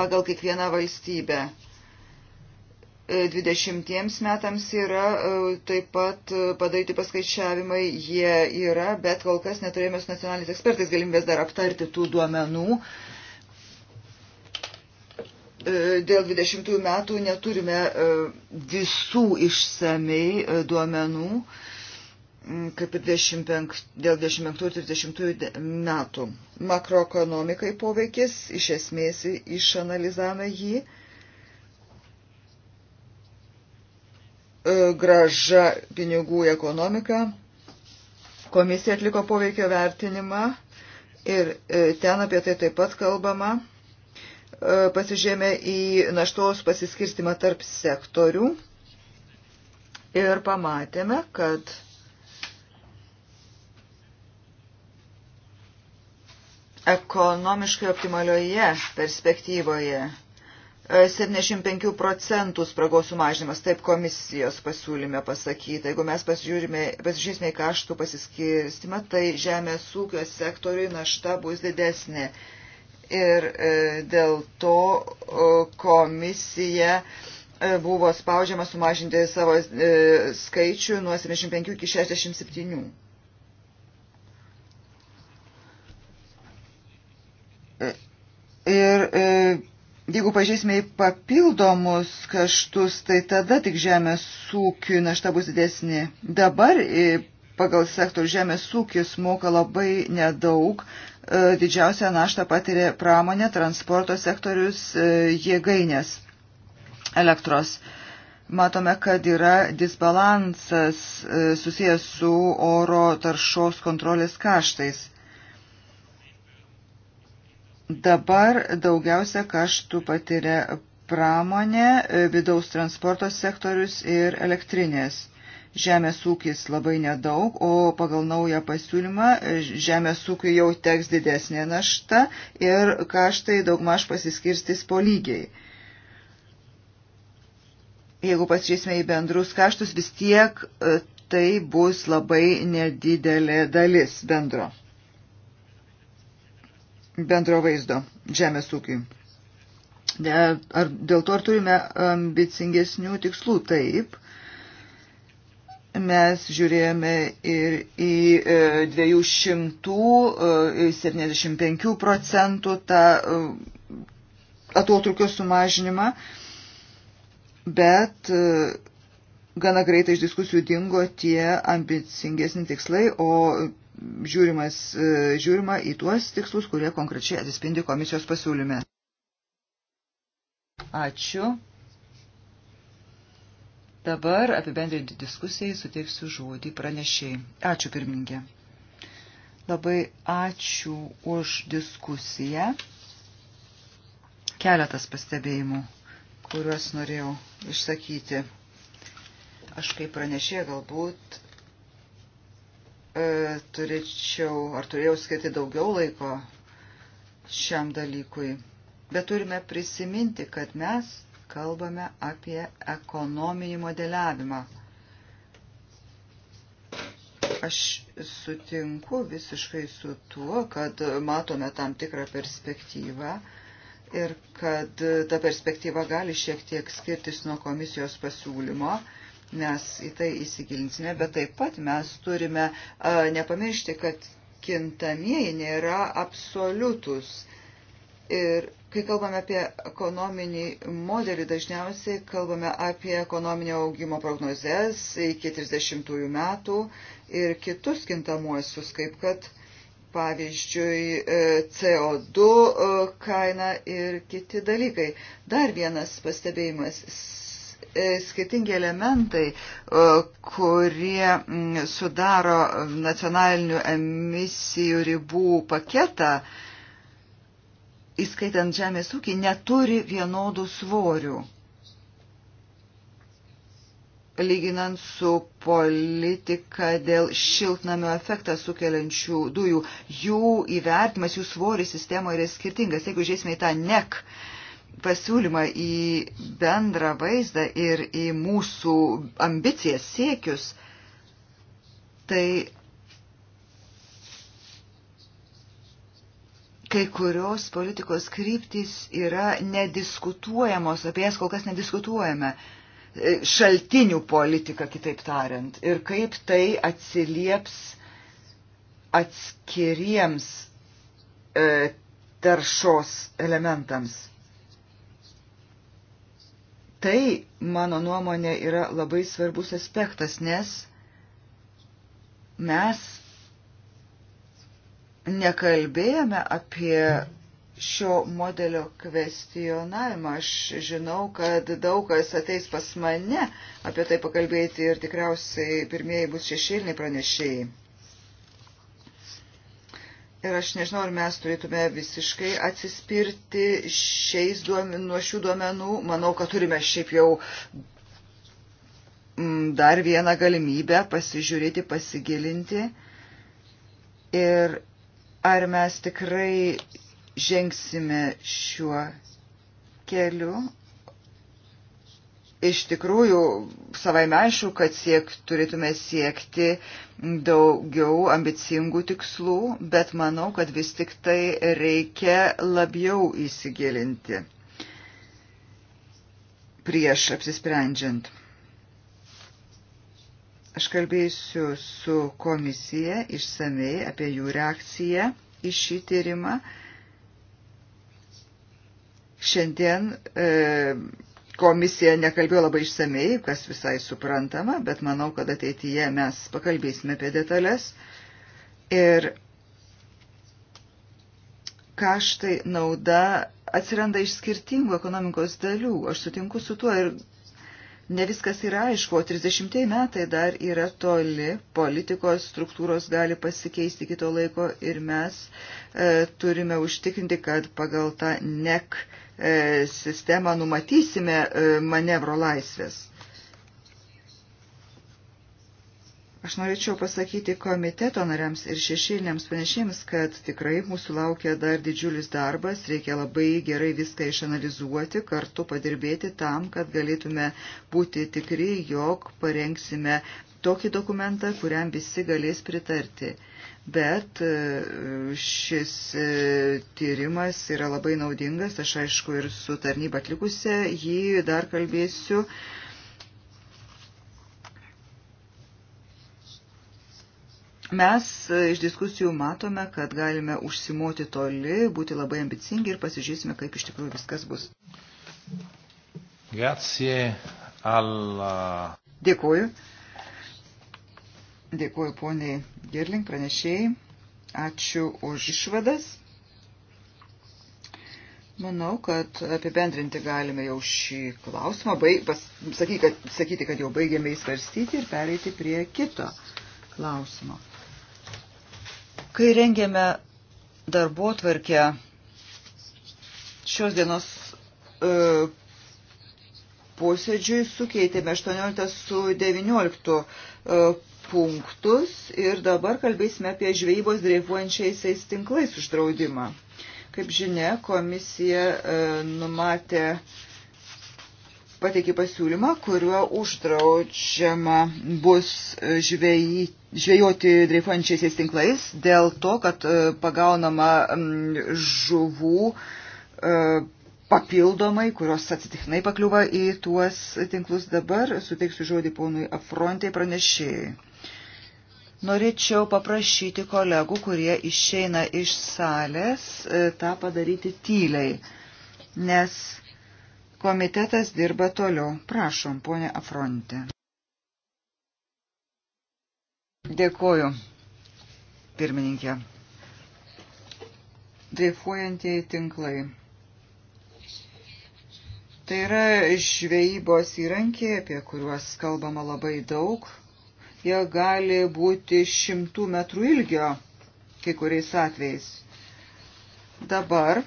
pagal kiekvieną valstybę. 20 metams yra taip pat padaryti paskaičiavimai, jie yra, bet kol kas neturėjome su nacionaliniais ekspertais galimybės dar aptarti tų duomenų. Uh, E, dėl 20 metų neturime e, visų išsamei e, duomenų, kaip ir 25, dėl 25-30 metų. Makroekonomikai poveikis, iš esmės išanalizavome jį. Graža pinigų į ekonomiką. Komisija atliko poveikio vertinimą ir ten apie tai taip pat kalbama. E, pasižiūrėjome į naštos pasiskirstimą tarp sektorių ir pamatėme, kad ekonomiškai optimalioje perspektyvoje 75 e, procentų spragos sumažinimas, taip komisijos pasiūlyme pasakyta. Jeigu mes pasižiūrėsime į kaštų pasiskirstimą, tai žemės ūkio sektoriui našta bus didesnė ir e, dėl to komisija e, buvo spaudžiama sumažinti savo e, skaičių nuo 75 iki 67. Ir jeigu pažiūrėsime į papildomus kaštus, tai tada tik žemės ūkių našta bus didesnė. Dabar pagal sektorių žemės ūkis moka labai nedaug, E, didžiausią naštą patiria pramonė, transporto sektorius, e, jėgainės elektros. Matome, kad yra disbalansas e, susijęs su oro taršos kontrolės kaštais. Dabar daugiausia kaštų patiria pramonė, vidaus transporto sektorius ir elektrinės žemės ūkis labai nedaug, o pagal naują pasiūlymą e, žemės ūkiui jau teks didesnė našta ir kaštai daugmaž pasiskirstys po lygiai. Jeigu pasižiūrėsime į bendrus kaštus, vis tiek e, tai bus labai nedidelė dalis bendro, bendro vaizdo žemės ūkiui. Ar dėl to ar turime ambicingesnių tikslų? Taip Mes žiūrėjome ir į 275 e, e, procentų tą e, atotrukio sumažinimą, bet gana greitai iš diskusijų dingo tie ambicingesni tikslai, o žiūrimas, žiūrima į tuos tikslus, kurie konkrečiai atsispindi komisijos pasiūlyme. Ačiū. Dabar apibendrinti diskusijai suteiksiu žodį pranešiai. Ačiū pirmininkė. Labai ačiū už diskusiją. Keletas pastebėjimų, kuriuos norėjau išsakyti. Aš kaip pranešė galbūt e, turėčiau ar turėjau skirti daugiau laiko šiam dalykui. Bet turime prisiminti, kad mes kalbame apie ekonominį modeliavimą. Aš sutinku visiškai su tuo, kad matome tam tikrą perspektyvą ir kad ta perspektyva gali šiek tiek skirtis nuo komisijos pasiūlymo mes į tai įsigilinsime, bet taip pat mes turime a, nepamiršti, kad kintamieji nėra absoliutus. A, Ir kai kalbame apie ekonominį modelį, dažniausiai kalbame apie ekonominio augimo prognozes iki 30 metų ir kitus kintamuosius, kaip kad pavyzdžiui e, CO2 e, kaina ir kiti dalykai. Dar vienas pastebėjimas e, skirtingi elementai, kurie sudaro nacionalinių emisijų ribų paketą, įskaitant žemės ūkį, neturi vienodų svorių. Lyginant su politika dėl šiltnamio efektą sukeliančių dujų, jų įvertimas, jų svoris sistemoje yra skirtingas. Jeigu žiūrėsime į tą NEC pasiūlymą, į bendrą vaizdą ir į mūsų ambicijas siekius, tai kai kurios politikos kryptis yra nediskutuojamos, apie jas kol kas nediskutuojame. E, šaltinių politika, kitaip tariant, ir kaip tai atsilieps atskiriems e, taršos elementams. Tai, mano nuomonė, yra labai svarbus aspektas, nes mes nekalbėjome apie šio modelio kvestionavimą. Aš žinau, kad daug kas ateis pas mane apie tai pakalbėti ir tikriausiai pirmieji bus šešėliniai pranešėjai. Ir aš nežinau, ar mes turėtume visiškai atsispirti šiais duomen, nuo šių duomenų. Manau, kad turime šiaip jau mm, dar vieną galimybę pasižiūrėti, pasigilinti. Ir Ar mes tikrai žengsime šiuo keliu? Iš tikrųjų, savai aišku, kad siek, turėtume siekti daugiau ambicingų tikslų, bet manau, kad vis tik tai reikia labiau įsigilinti prieš apsisprendžiant. Aš kalbėsiu su komisija išsamei apie jų reakciją į šį tyrimą. Šiandien e, komisija nekalbėjo labai išsamei, kas visai suprantama, bet manau, kad ateityje mes pakalbėsime apie detalės. Ir kaštai nauda atsiranda iš skirtingų ekonomikos dalių. Aš sutinku su tuo ir ne viskas yra aišku, o 30 metai dar yra toli, politikos struktūros gali pasikeisti kito laiko ir mes e, turime užtikrinti, kad pagal tą NEC e, e, sistemą numatysime e, manevro laisvės. Aš norėčiau pasakyti komiteto nariams ir šešėliniams panešėjams, kad tikrai mūsų laukia dar didžiulis darbas, reikia labai gerai viską išanalizuoti, kartu padirbėti tam, kad galėtume būti tikri, jog parengsime tokį dokumentą, kuriam visi galės pritarti. Bet e, šis e, tyrimas yra labai naudingas, aš aišku ir su tarnyba atlikusią jį dar kalbėsiu. Mes e, iš diskusijų matome, kad galime užsimoti toli, būti labai ambicingi ir pasižiūrėsime, kaip iš tikrųjų viskas bus. Grazie alla. Dėkuoju. Dėkuoju poniai Gerling pranešėjai. Ačiū už išvadas. Manau, kad apibendrinti galime jau šį klausimą, baig, pas, saky, kad, sakyti, kad jau baigėme įsvarstyti ir pereiti prie kito klausimo. Kai rengėme darbo tvarkę šios dienos e, posėdžiui sukeitėme 18 su 19 e, punktus ir dabar kalbėsime apie žvejybos dreifuojančiais tinklais uždraudimą. Kaip žinia, komisija e, numatė e, pateikė pasiūlymą, kuriuo uždraudžiama bus e, žvėjai, žvėjoti dreifuojančiais tinklais dėl to, kad e, pagaunama žuvų e, papildomai, kurios atsitiktinai pakliuva į tuos tinklus. Dabar suteiksiu žodį ponui Afrontai pranešėjai. Norėčiau paprašyti kolegų, kurie išeina iš salės, tą padaryti tyliai, nes Komitetas dirba toliau. Prašom, ponė Afronte. Dėkoju, pirmininkė. Dreifuojantieji tinklai. Tai yra žvejybos įrankiai, apie kuriuos kalbama labai daug. Jie gali būti šimtų metrų ilgio kai kuriais atvejais. Dabar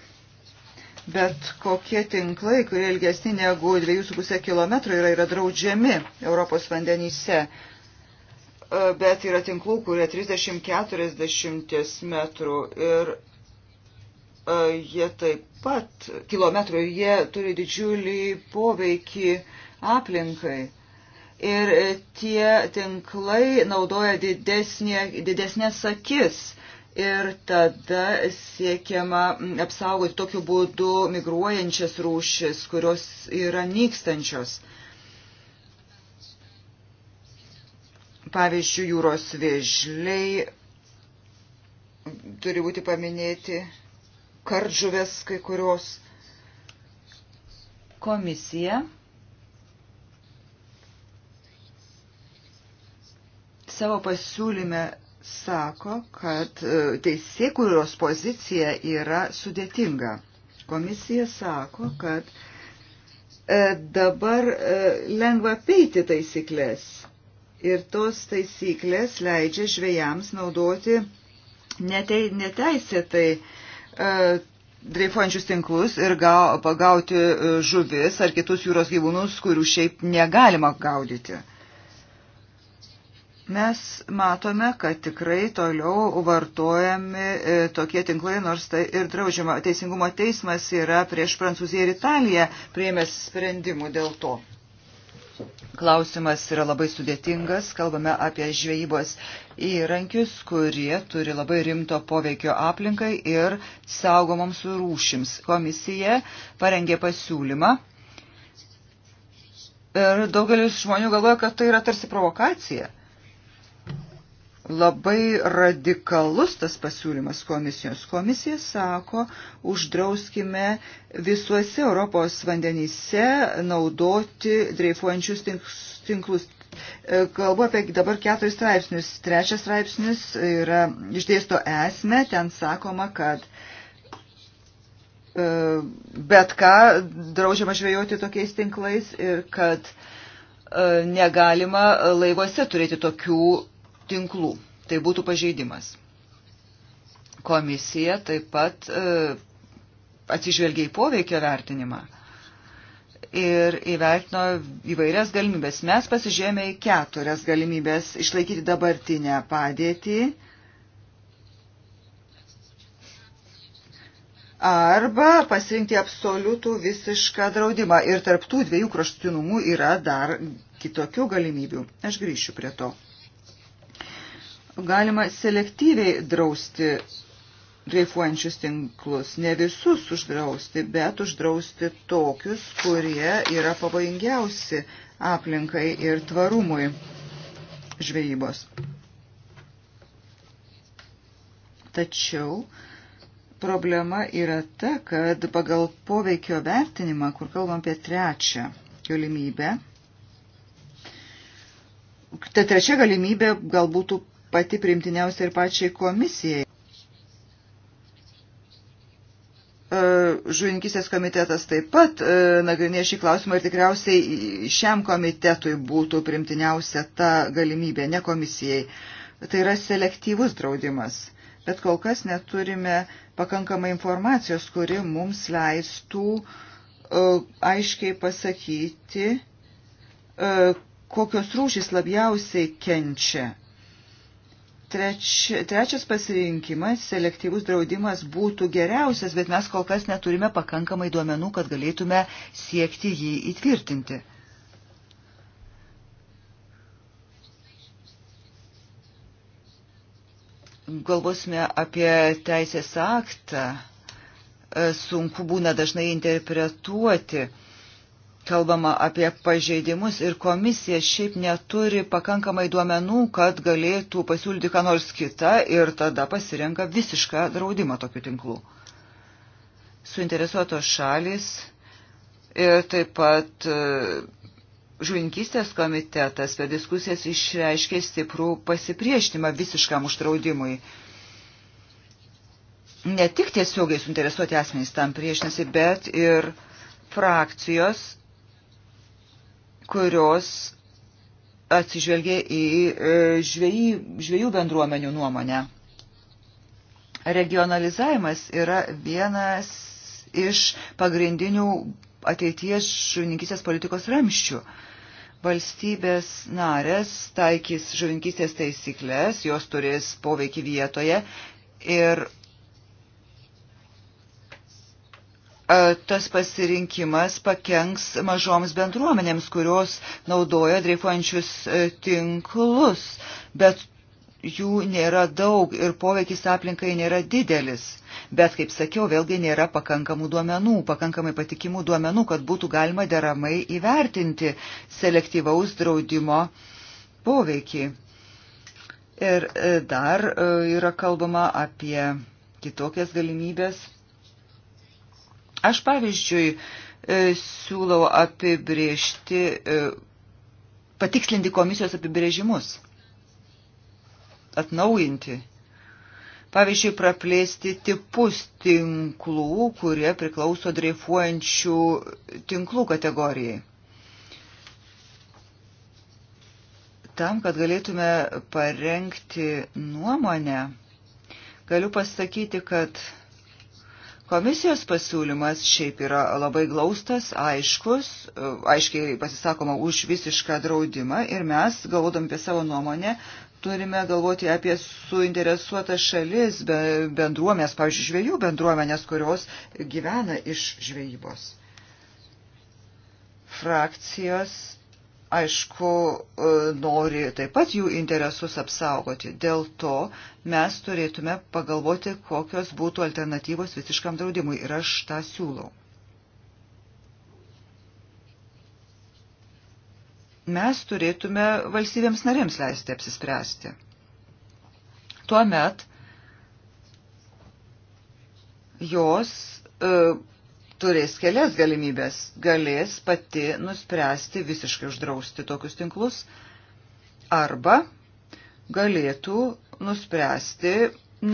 Bet kokie tinklai, kurie ilgesni negu 2,5 km yra, yra draudžiami Europos vandenyse. E, bet yra tinklų, kurie 30-40 metrų ir e, jie taip pat, kilometrų, jie turi didžiulį poveikį aplinkai. Ir tie tinklai naudoja didesnė, didesnės akis ir tada siekiama apsaugoti tokiu būdu migruojančias rūšis, kurios yra nykstančios. Pavyzdžiui, jūros vėžliai turi būti paminėti, kardžuvės kai kurios. Komisija savo pasiūlyme sako, kad e, teisėkūros pozicija yra sudėtinga. Komisija sako, kad e, dabar e, lengva peiti taisyklės ir tos taisyklės leidžia žvėjams naudoti netei, neteisėtai dreifuojančius tinklus ir gau, pagauti žuvis ar kitus jūros gyvūnus, kurių šiaip negalima gaudyti. Mes matome, kad tikrai toliau vartojami e, tokie tinklai, nors tai ir draudžiama. Teisingumo teismas yra prieš Prancūziją ir Italiją prieimęs sprendimų dėl to. Klausimas yra labai sudėtingas, kalbame apie žvejybos įrankius, kurie turi labai rimto poveikio aplinkai ir saugomoms rūšims. Komisija parengė pasiūlymą ir daugelis žmonių galvoja, kad tai yra tarsi provokacija labai radikalus tas pasiūlymas komisijos. Komisija sako, uždrauskime visuose Europos vandenyse naudoti dreifuojančius tinklus. E, kalbu apie dabar keturis straipsnius. Trečias straipsnis yra išdėsto esmę, ten sakoma, kad e, bet ką draudžiama žvejoti tokiais tinklais ir kad e, negalima laivuose turėti tokių tinklų. Tai būtų pažeidimas. Komisija taip pat e, atsižvelgia į poveikio vertinimą ir įvertino įvairias galimybės. Mes pasižiūrėjome į keturias galimybės išlaikyti dabartinę padėtį arba pasirinkti absoliutų visišką draudimą. Ir tarptų dviejų kraštutinumų yra dar kitokių galimybių. Aš grįšiu prie to galima selektyviai drausti dreifuojančius tinklus, ne visus uždrausti, bet uždrausti tokius, kurie yra pavojingiausi aplinkai ir tvarumui žvejybos. Tačiau problema yra ta, kad pagal poveikio vertinimą, kur kalbam apie trečią galimybę, ta trečia galimybė gal būtų pati primtiniausia ir pačiai komisijai. E, Žuvininkistės komitetas taip pat e, nagrinė šį klausimą ir tikriausiai šiam komitetui būtų primtiniausia ta galimybė, ne komisijai. Tai yra selektyvus draudimas bet kol kas neturime pakankamai informacijos, kuri mums leistų e, aiškiai pasakyti, kokios rūšys labiausiai kenčia Treč, trečias pasirinkimas, selektyvus draudimas būtų geriausias, bet mes kol kas neturime pakankamai duomenų, kad galėtume siekti jį įtvirtinti. Galvosime apie teisės aktą. E, sunku būna dažnai interpretuoti kalbama apie pažeidimus ir komisija šiaip neturi pakankamai duomenų, kad galėtų pasiūlyti ką nors kitą ir tada pasirenka visišką draudimą tokių tinklų. Suinteresuotos šalis ir taip pat e, žuvinkystės komitetas per diskusijas išreiškė stiprų pasipriešinimą visiškam uždraudimui ne tik tiesiogiai suinteresuoti asmenys tam priešinasi, bet ir frakcijos kurios atsižvelgia į e, žvėjų, žvėjų bendruomenių nuomonę. Regionalizavimas yra vienas iš pagrindinių ateities žuvininkystės politikos ramščių. Valstybės narės taikys žuvininkystės taisyklės, jos turės poveikį vietoje ir E, tas pasirinkimas pakenks mažoms bendruomenėms, kurios naudoja dreifuojančius e, tinklus, bet jų nėra daug ir poveikis aplinkai nėra didelis. Bet, kaip sakiau, vėlgi nėra pakankamų duomenų, pakankamai patikimų duomenų, kad būtų galima deramai įvertinti selektyvaus draudimo poveikį. Ir e, dar yra kalbama apie kitokias galimybės Aš pavyzdžiui e, siūlau apibriežti, e, patikslinti komisijos apibrėžimus, atnaujinti. Pavyzdžiui, praplėsti tipus tinklų, kurie priklauso dreifuojančių tinklų kategorijai. Tam, kad galėtume parengti nuomonę, galiu pasakyti, kad Komisijos pasiūlymas šiaip yra labai glaustas, aiškus, e, aiškiai pasisakoma už visišką draudimą ir mes, galvodam apie savo nuomonę, turime galvoti apie suinteresuotas šalis, bendruomės, pavyzdžiui, žvėjų bendruomenės, kurios gyvena iš žvėjybos. Frakcijos aišku, e, nori taip pat jų interesus apsaugoti. Dėl to mes turėtume pagalvoti, kokios būtų alternatyvos visiškam draudimui. Ir aš tą siūlau. Mes turėtume valstybėms narėms leisti apsispręsti. Tuomet jos e, turės kelias galimybės. Galės pati nuspręsti visiškai uždrausti tokius tinklus arba galėtų nuspręsti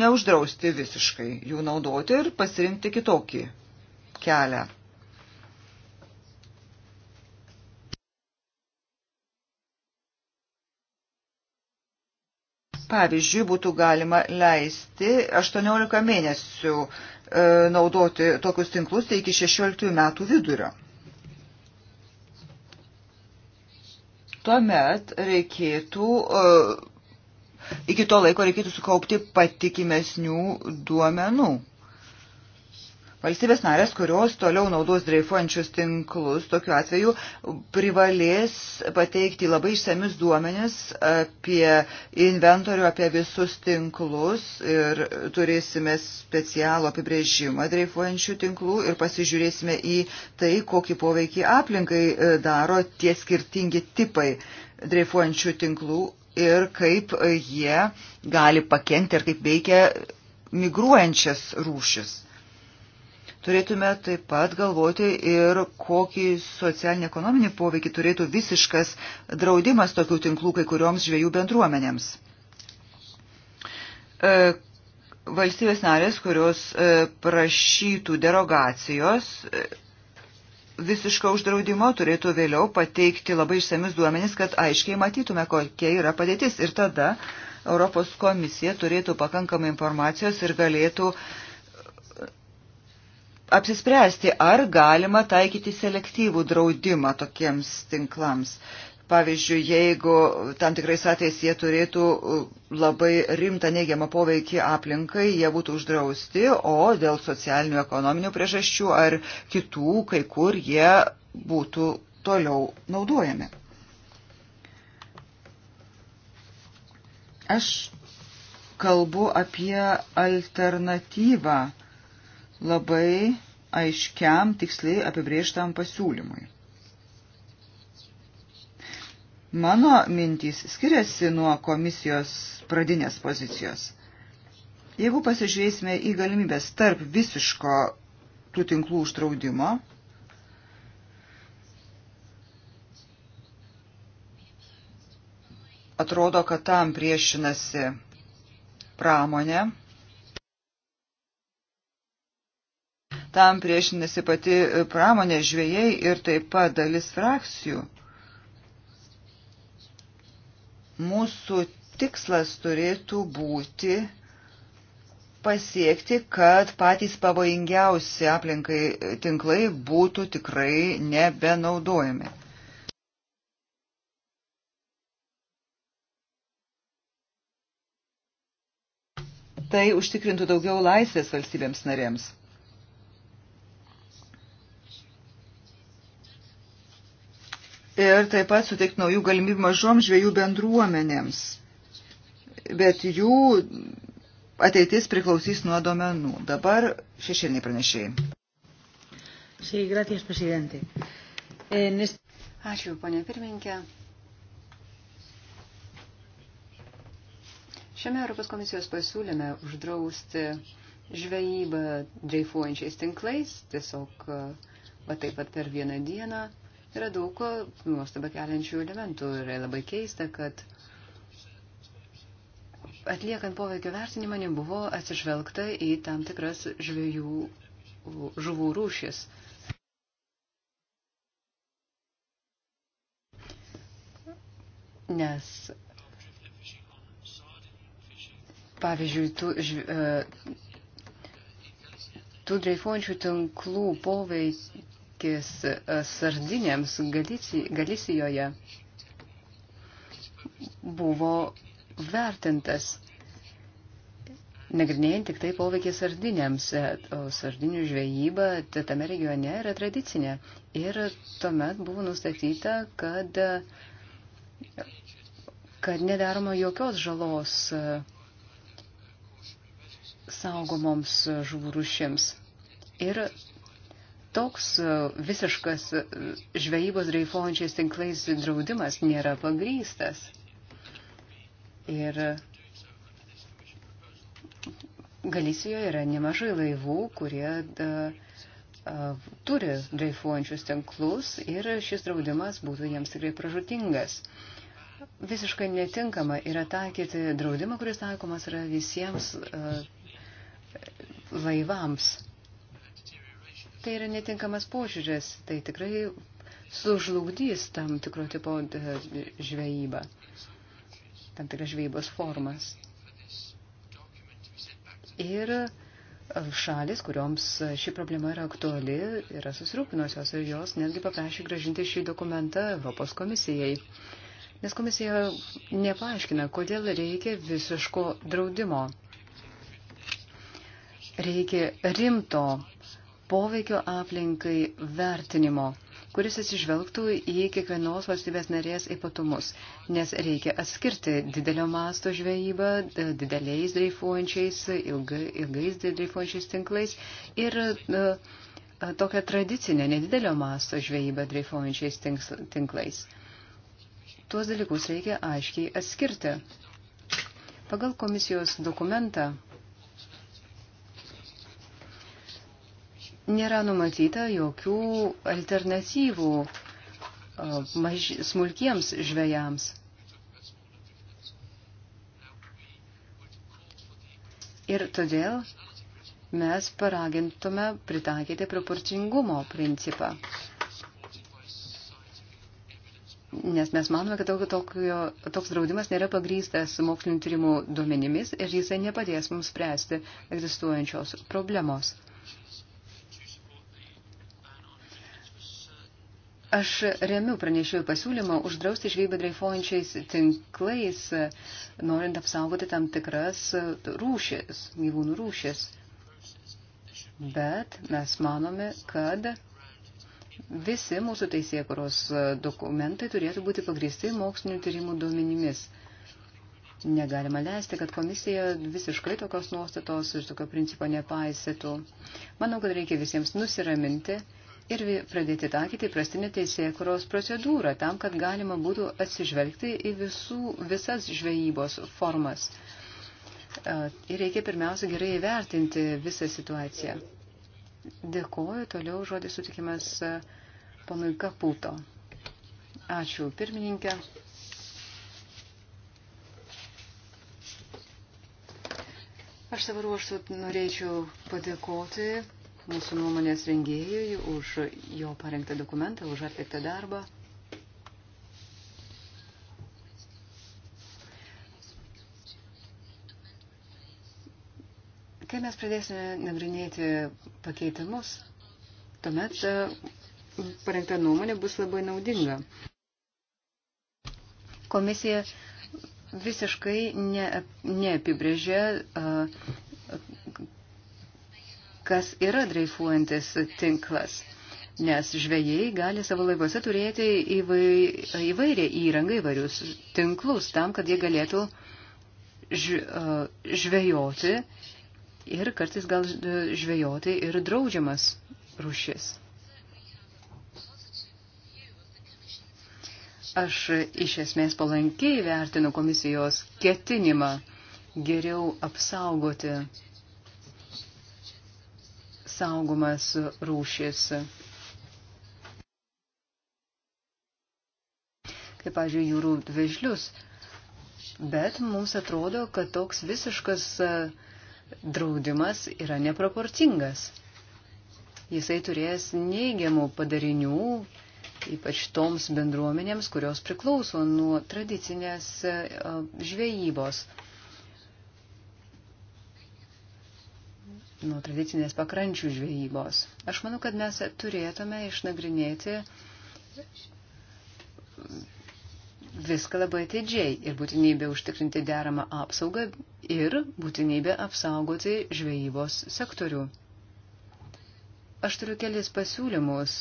neuždrausti visiškai jų naudoti ir pasirinkti kitokį kelią. Pavyzdžiui, būtų galima leisti 18 mėnesių e, naudoti tokius tinklus tai iki 16 metų vidurio. Tuomet reikėtų, e, iki to laiko reikėtų sukaupti patikimesnių duomenų. Valstybės narės, kurios toliau naudos dreifuojančius tinklus, tokiu atveju privalės pateikti labai išsamius duomenis apie inventorių, apie visus tinklus ir turėsime specialų apibrėžimą dreifuojančių tinklų ir pasižiūrėsime į tai, kokį poveikį aplinkai e, daro tie skirtingi tipai dreifuojančių tinklų ir kaip jie gali pakengti ir kaip veikia migruojančias rūšis. Turėtume taip pat galvoti ir kokį socialinį ekonominį poveikį turėtų visiškas draudimas tokių tinklų kai kurioms žviejų bendruomenėms. E, valstybės narės, kurios e, prašytų derogacijos e, visiško uždraudimo turėtų vėliau pateikti labai išsamius duomenis, kad aiškiai matytume, kokia yra padėtis. Ir tada Europos komisija turėtų pakankamai informacijos ir galėtų uh, apsispręsti, ar galima taikyti selektyvų draudimą tokiems tinklams. Pavyzdžiui, jeigu tam tikrais atvejais jie turėtų uh, labai rimtą neigiamą poveikį aplinkai, jie būtų uždrausti, o dėl socialinių ekonominių priežasčių ar kitų, kai kur jie būtų toliau naudojami. Aš kalbu apie alternatyvą labai aiškiam, tiksliai apibrieštam pasiūlymui. Mano mintys skiriasi nuo komisijos pradinės pozicijos. Jeigu pasižiūrėsime į galimybės tarp visiško tų tinklų uždraudimo, atrodo, kad tam priešinasi pramonė tam priešinasi pati e, pramonė žvėjai ir taip pat dalis frakcijų. Mūsų tikslas turėtų būti pasiekti, kad patys pavojingiausi aplinkai e, tinklai būtų tikrai nebenaudojami. Tai užtikrintų daugiau laisvės valstybėms narėms. ir taip pat suteikti naujų galimybių mažoms žvėjų bendruomenėms. Bet jų ateitis priklausys nuo domenų. Dabar šešėliniai pranešėjai. Sí, gracias, presidente. En este... Ačiū, ponė pirmininkė. Šiame Europos komisijos pasiūlyme uždrausti žvejybą dreifuojančiais tinklais, tiesiog va taip pat per vieną dieną Yra daug e, nuostabą keliančių elementų ir labai keista, kad atliekant poveikio vertinimą nebuvo atsižvelgta į tam tikras žvėjų žuvų rūšis. Nes, pavyzdžiui, tų, žv, e, tų dreifuojančių tinklų poveikio poveikis e, sardinėms Galicijoje buvo vertintas, nagrinėjant tik tai poveikį sardinėms, e, o sardinių žvejyba tame regione yra tradicinė. Ir tuomet buvo nustatyta, kad, kad nedaroma jokios žalos e, saugomoms žuvų rušims. Ir toks e, visiškas e, žvejybos dreifuojančiais tinklais draudimas nėra pagrystas. Ir Galisijoje yra nemažai laivų, kurie da, e, a, turi dreifuojančius tinklus ir šis draudimas būtų jiems tikrai pražutingas. Visiškai netinkama yra taikyti draudimą, kuris taikomas yra visiems a, laivams tai yra netinkamas požiūris, tai tikrai sužlugdys tam tikro tipo e, žvejybą, tam tikras žvejybos formas. Ir e, šalis, kurioms ši problema yra aktuali, yra susirūpinusios ir jos netgi paprašė gražinti šį dokumentą Europos komisijai. Nes komisija nepaaiškina, kodėl reikia visiško draudimo. Reikia rimto poveikio aplinkai vertinimo, kuris atsižvelgtų į kiekvienos valstybės narės ypatumus, nes reikia atskirti didelio masto žvejybą, dideliais dreifuojančiais, ilgai, ilgais dreifuojančiais tinklais ir e, e, tokią tradicinę nedidelio masto žvejybą dreifuojančiais tinklais. Tuos dalykus reikia aiškiai atskirti. Pagal komisijos dokumentą nėra numatyta jokių alternatyvų e, maž, smulkiems žvejams. Ir todėl mes paragintume pritaikyti proporcingumo principą. Nes mes manome, kad tokio, toks draudimas nėra pagrystas mokslinio tyrimų duomenimis ir jisai nepadės mums spręsti egzistuojančios problemos. Aš remiu pranešėjų pasiūlymą uždrausti žvejybą dreifuojančiais tinklais, norint apsaugoti tam tikras rūšis, gyvūnų rūšis. Bet mes manome, kad visi mūsų teisėkuros dokumentai turėtų būti pagristi mokslinių tyrimų duomenimis. Negalima leisti, kad komisija visiškai tokios nuostatos ir tokio principo nepaisytų. Manau, kad reikia visiems nusiraminti ir pradėti taikyti prastinę teisėkuros procedūrą tam, kad galima būtų atsižvelgti į visų, visas žvejybos formas. E, ir reikia pirmiausia gerai įvertinti visą situaciją. Dėkoju, toliau žodį sutikimas e, ponui Kaputo. Ačiū, pirmininkė. Aš savo ruoštų norėčiau padėkoti mūsų nuomonės rengėjui už jo parengtą dokumentą, už atliktą darbą. Kai mes pradėsime nagrinėti pakeitimus, tuomet e, parengta nuomonė bus labai naudinga. Komisija visiškai ne, neapibrėžė e, kas yra dreifuojantis tinklas. Nes žvėjai gali savo laivuose turėti įvai, įvairią įrangą, įvairius tinklus tam, kad jie galėtų žvėjoti ir kartais gal žvėjoti ir draudžiamas rušis. Aš iš esmės palankiai vertinu komisijos ketinimą geriau apsaugoti saugomas rūšis. Kaip, pavyzdžiui, jūrų vežlius. Bet mums atrodo, kad toks visiškas e, draudimas yra neproporcingas. Jisai turės neigiamų padarinių, ypač toms bendruomenėms, kurios priklauso nuo tradicinės e, žvejybos. nuo tradicinės pakrančių žvejybos. Aš manau, kad mes turėtume išnagrinėti viską labai atidžiai ir būtinybė užtikrinti deramą apsaugą ir būtinybė apsaugoti žvejybos sektorių. Aš turiu kelis pasiūlymus,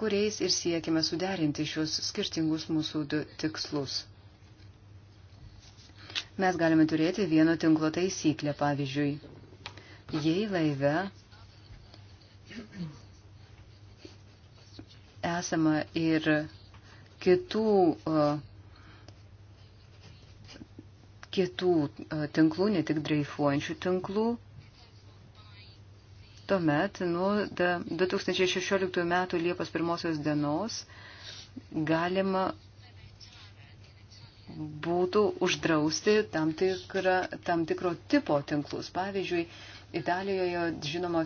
kuriais ir siekime suderinti šios skirtingus mūsų tikslus mes galime turėti vieno tinklo taisyklę, pavyzdžiui. Jei laive esama ir kitų, kitų tinklų, ne tik dreifuojančių tinklų, tuomet nuo 2016 metų Liepos pirmosios dienos galima būtų uždrausti tam, tikra, tam tikro tipo tinklus. Pavyzdžiui, Italijoje žinoma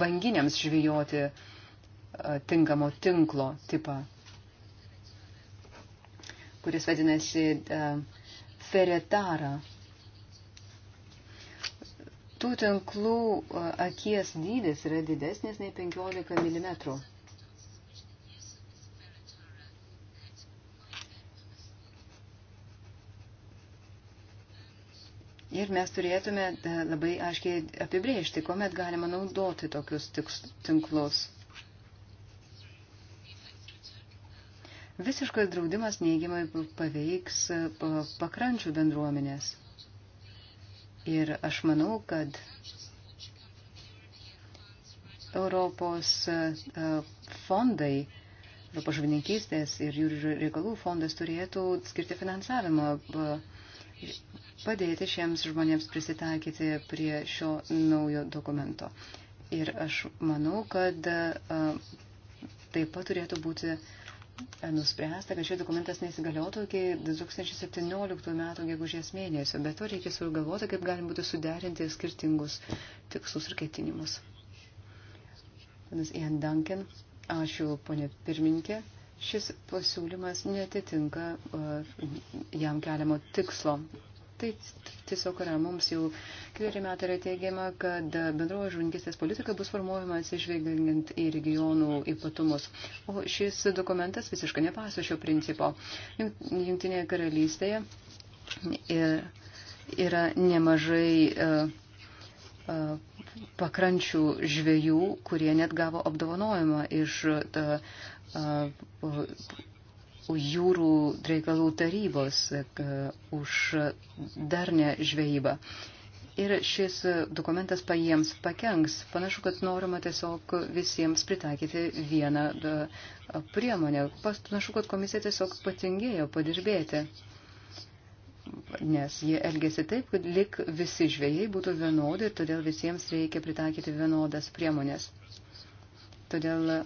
banginiams žvijoti tinkamo tinklo tipą, kuris vadinasi feretara. Tų tinklų akies dydis yra didesnis nei 15 mm. Ir mes turėtume e, labai aiškiai apibrėžti, kuomet galima naudoti tokius tinklus. Visiškas draudimas neigiamai paveiks e, pakrančių bendruomenės. Ir aš manau, kad Europos e, fondai, Europos žuvininkystės ir jūrų reikalų fondas turėtų skirti finansavimą padėti šiems žmonėms prisitaikyti prie šio naujo dokumento. Ir aš manau, kad taip pat turėtų būti nuspręsta, kad šio dokumentas neįsigaliotų iki 2017 metų gegužės mėnesio, bet to reikia sugalvoti, kaip galim būtų suderinti skirtingus tikslus ir ketinimus. Panas Ian Duncan, ačiū ponė pirminkė, šis pasiūlymas netitinka uh, jam keliamo tikslo. Tai tiesiog yra mums jau keli metai yra teigiama, kad bendrojo žuvininkistės politika bus formuojama atsižvelgiant į regionų ypatumus. O šis dokumentas visiškai nepaso šio principo. Jungtinėje karalystėje yra nemažai e, e, pakrančių žvėjų, kurie net gavo apdovanojimą iš ta, e, jūrų reikalų tarybos e, už darnę žvejybą. Ir šis dokumentas pajiems pakenks. Panašu, kad norima tiesiog visiems pritaikyti vieną e, priemonę. Panašu, kad komisija tiesiog patingėjo padirbėti. Nes jie elgėsi taip, kad lik visi žvėjai būtų vienodi ir todėl visiems reikia pritaikyti vienodas priemonės. Todėl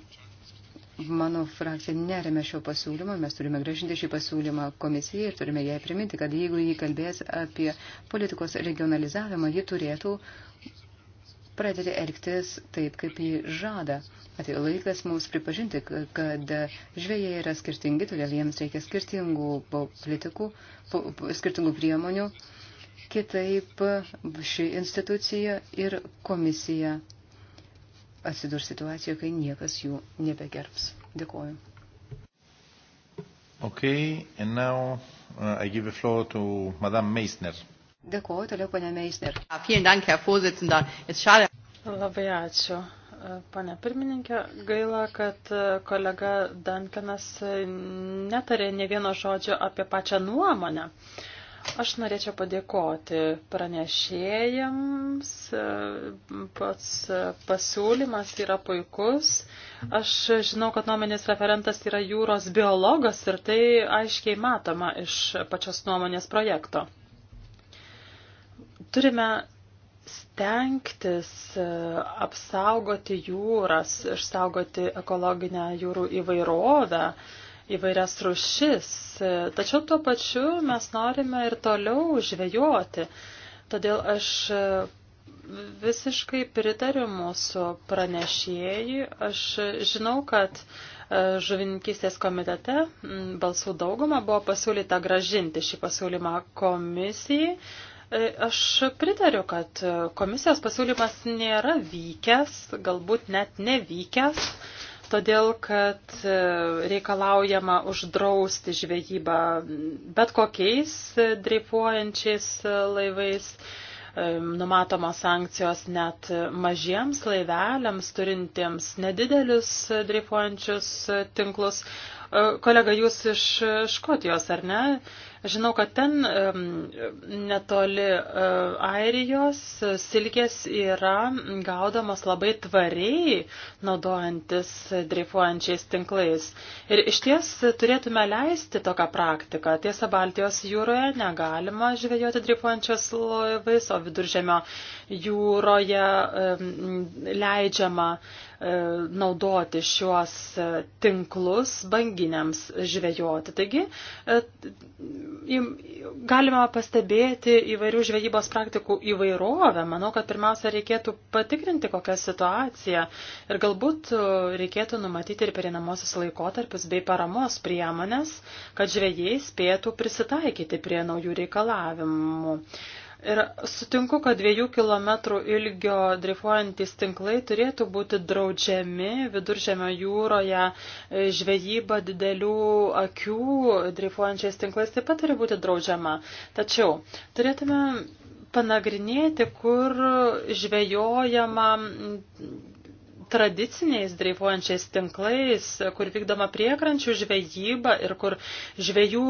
Mano frakcija neremia šio pasiūlymo, mes turime gražinti šį pasiūlymą komisijai ir turime jai priminti, kad jeigu jį kalbės apie politikos regionalizavimą, ji turėtų pradėti elgtis taip, kaip jį žada. Atėjo laikas mums pripažinti, kad žvėjai yra skirtingi, todėl jiems reikia skirtingų politikų, skirtingų priemonių. Kitaip ši institucija ir komisija atsidurs situacijoje, kai niekas jų nebegerbs. Dėkuoju. Okay, and now uh, I give the floor to Madame Meissner. Dėkuoju, toliau ponia Meissner. Labai ačiū, e, ponia pirmininkė. Gaila, kad e, kolega Dankanas e, netarė ne vieno žodžio apie pačią nuomonę. Uh, Aš norėčiau padėkoti pranešėjams. Pats pasiūlymas yra puikus. Aš žinau, kad nuomonės referentas yra jūros biologas ir tai aiškiai matoma iš pačios nuomonės projekto. Turime stengtis e, apsaugoti jūras, išsaugoti ekologinę jūrų įvairovę. Uh, įvairias rušis, tačiau tuo pačiu mes norime ir toliau žvejoti. Todėl aš visiškai pritariu mūsų pranešėjai. Aš žinau, kad e, žuvininkystės komitete balsų daugumą buvo pasiūlyta gražinti šį pasiūlymą komisijai. E, aš pritariu, kad e, komisijos pasiūlymas nėra vykęs, galbūt net nevykęs todėl kad e, reikalaujama uždrausti žvejybą bet kokiais e, dreifuojančiais e, laivais. Numatomos sankcijos net mažiems laiveliams turintiems nedidelius dreifuojančius tinklus. E, kolega, jūs iš Škotijos, ar ne? Žinau, kad ten netoli e, Airijos silkės yra gaudamas labai tvariai, naudojantis dreifuojančiais tinklais. Ir iš ties turėtume leisti tokią praktiką. Tiesa, Baltijos jūroje negalima žvejoti dreifuojančios laivais, o viduržėmio jūroje leidžiama. E, naudoti šiuos e, tinklus banginiams žvejoti. Taigi e, galima pastebėti įvairių žvejybos praktikų įvairovę. Manau, kad pirmiausia reikėtų patikrinti kokią situaciją ir galbūt reikėtų numatyti ir perinamosius laikotarpius bei paramos priemonės, kad žvejai spėtų prisitaikyti prie naujų reikalavimų. Ir sutinku, kad dviejų kilometrų ilgio drifuojantys tinklai turėtų būti draudžiami viduržėmio jūroje e, žvejyba didelių akių drifuojančiais tinklais taip pat turi būti draudžiama. Tačiau turėtume panagrinėti, kur žvejojama tradiciniais dreifuojančiais tinklais, kur vykdoma priekrančių žvejyba ir kur žvejų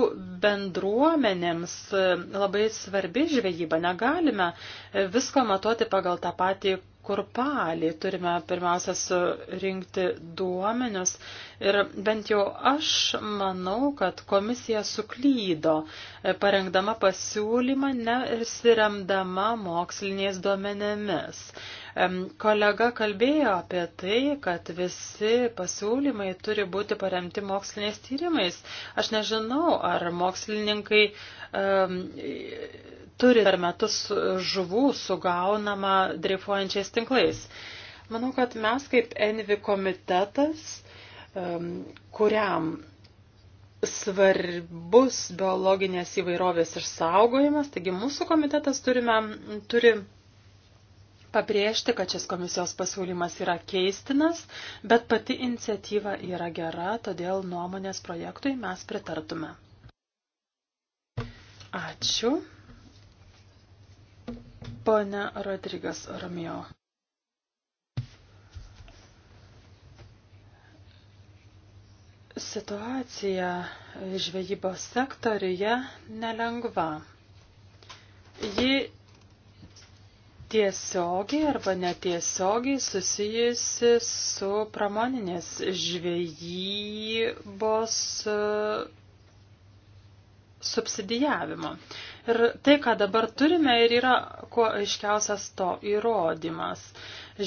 bendruomenėms e, labai svarbi žvejyba. Negalime e, visko matuoti pagal tą patį kurpalį. Turime pirmiausia surinkti duomenius ir bent jau aš manau, kad komisija suklydo, e, parengdama pasiūlymą nesiremdama moksliniais duomenėmis. Kolega kalbėjo apie tai, kad visi pasiūlymai turi būti paremti moksliniais tyrimais. Aš nežinau, ar mokslininkai um, turi per metus žuvų sugaunama dreifuojančiais tinklais. Manau, kad mes kaip Envi komitetas, um, kuriam svarbus biologinės įvairovės išsaugojimas, taigi mūsų komitetas turime, turi pabrėžti, kad šis komisijos pasiūlymas yra keistinas, bet pati iniciatyva yra gera, todėl nuomonės projektui mes pritartume. Ačiū. Pone Rodrigas Romeo. Situacija žvejybos sektoriuje nelengva. Ji tiesiogiai arba netiesiogiai susijusi su pramoninės žvejybos e, subsidijavimu. Ir tai, ką dabar turime, ir yra kuo aiškiausias to įrodymas.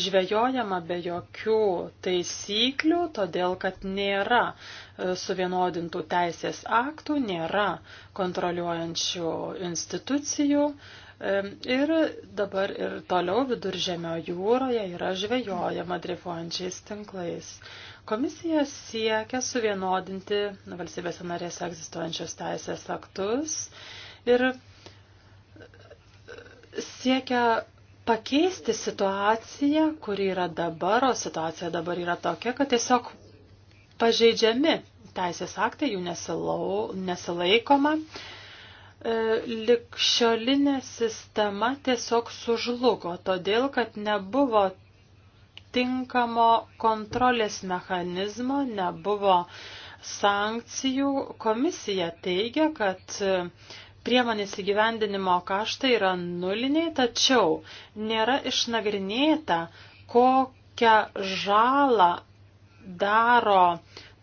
Žvejojama be jokių taisyklių, todėl kad nėra e, suvienodintų teisės aktų, nėra kontroliuojančių institucijų. Ir dabar ir toliau viduržemio jūroje yra žvejojama drifuojančiais tinklais. Komisija siekia suvienodinti valstybėse narėse egzistuojančios teisės aktus ir siekia pakeisti situaciją, kuri yra dabar, o situacija dabar yra tokia, kad tiesiog pažeidžiami teisės aktai, jų nesilau, nesilaikoma. E, likščiolinė sistema tiesiog sužlugo, todėl kad nebuvo tinkamo kontrolės mechanizmo, nebuvo sankcijų. Komisija teigia, kad e, priemonės įgyvendinimo kaštai yra nuliniai, tačiau nėra išnagrinėta, kokią žalą daro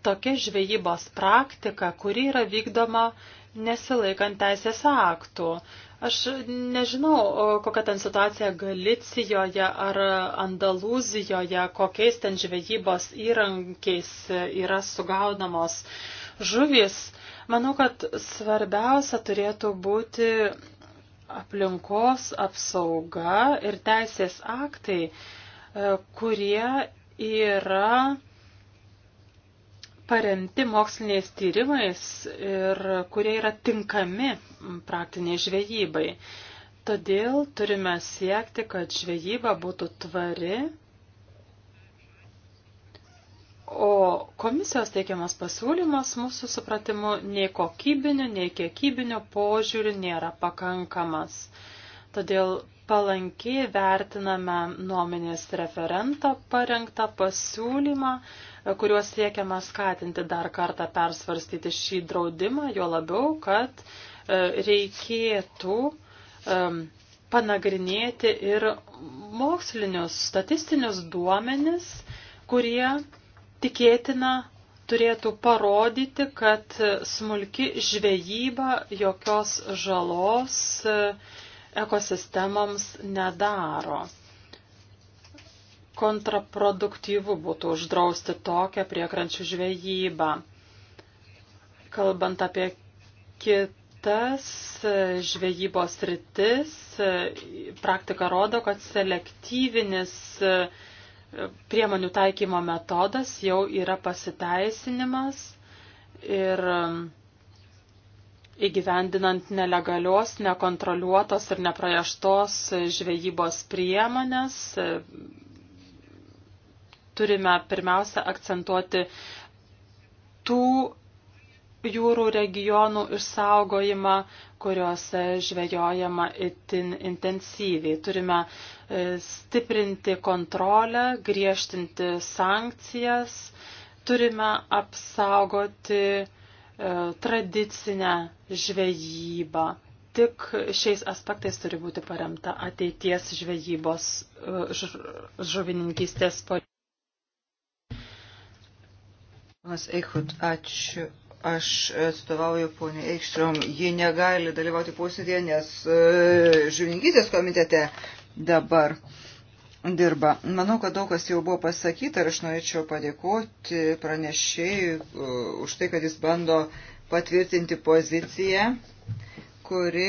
tokia žvejybos praktika, kuri yra vykdoma uh, nesilaikant teisės aktų. Aš nežinau, kokia ten situacija Galicijoje ar Andalūzijoje, kokiais ten žvejybos įrankiais yra sugaunamos žuvys. Manau, kad svarbiausia turėtų būti aplinkos apsauga ir teisės aktai, e, kurie yra paremti moksliniais tyrimais ir kurie yra tinkami praktiniai žvejybai. Todėl turime siekti, kad žvejyba būtų tvari. O komisijos teikiamas pasiūlymas mūsų supratimu nei kokybinio, nei kiekybinio požiūrių nėra pakankamas. Todėl palankiai vertiname nuomenės referentą parengtą pasiūlymą, kuriuos siekiama skatinti dar kartą persvarstyti šį draudimą, jo labiau, kad e, reikėtų panagrinėti ir mokslinius, statistinius duomenis, kurie tikėtina turėtų parodyti, kad smulki žvejyba jokios žalos e, ekosistemoms nedaro kontraproduktyvu būtų uždrausti tokią priekrančių žvejybą. Kalbant apie kitas žvejybos rytis, praktika rodo, kad selektyvinis priemonių taikymo metodas jau yra pasiteisinimas ir įgyvendinant nelegalios, nekontroliuotos ir nepraieštos žvejybos priemonės, turime pirmiausia akcentuoti tų jūrų regionų išsaugojimą, kuriuose žvejojama itin intensyviai. Turime e, stiprinti kontrolę, griežtinti sankcijas, turime apsaugoti e, tradicinę žvejybą. Tik šiais aspektais turi būti paremta ateities žvejybos e, žuvininkystės politika. Mas Eichut, ačiū. Aš atstovauju ponį Eikštrom. Ji negali dalyvauti posėdėje, nes e, žuvininkystės komitete dabar dirba. Manau, kad daug kas jau buvo pasakyta ir aš norėčiau padėkoti pranešėjui e, už tai, kad jis bando patvirtinti poziciją, kuri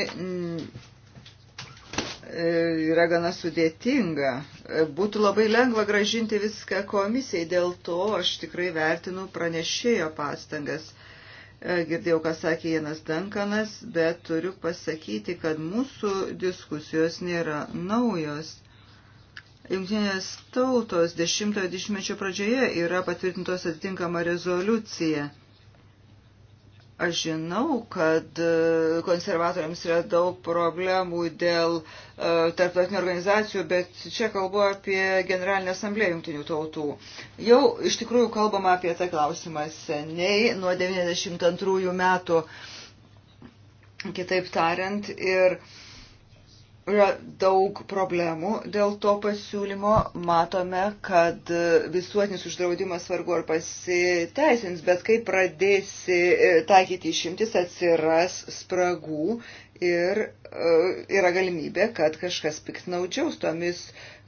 E, yra gana sudėtinga. E, būtų labai lengva gražinti viską komisijai, dėl to aš tikrai vertinu pranešėjo pastangas. E, girdėjau, ką sakė Janas Dankanas, bet turiu pasakyti, kad mūsų diskusijos nėra naujos. Junktinės tautos dešimtojo dešimtmečio pradžioje yra patvirtintos atitinkama rezoliucija Aš žinau, kad e, konservatoriams yra daug problemų dėl e, tarptautinių organizacijų, bet čia kalbu apie Generalinę asamblėją jungtinių tautų. Jau iš tikrųjų kalbama apie tą klausimą seniai, nuo 92 metų, kitaip tariant, ir uh, yra daug problemų dėl to pasiūlymo. Matome, kad visuotinis uždraudimas vargu ar pasiteisins, bet kai pradėsi e, taikyti išimtis, atsiras spragų ir e, yra galimybė, kad kažkas piktnaudžiaus tomis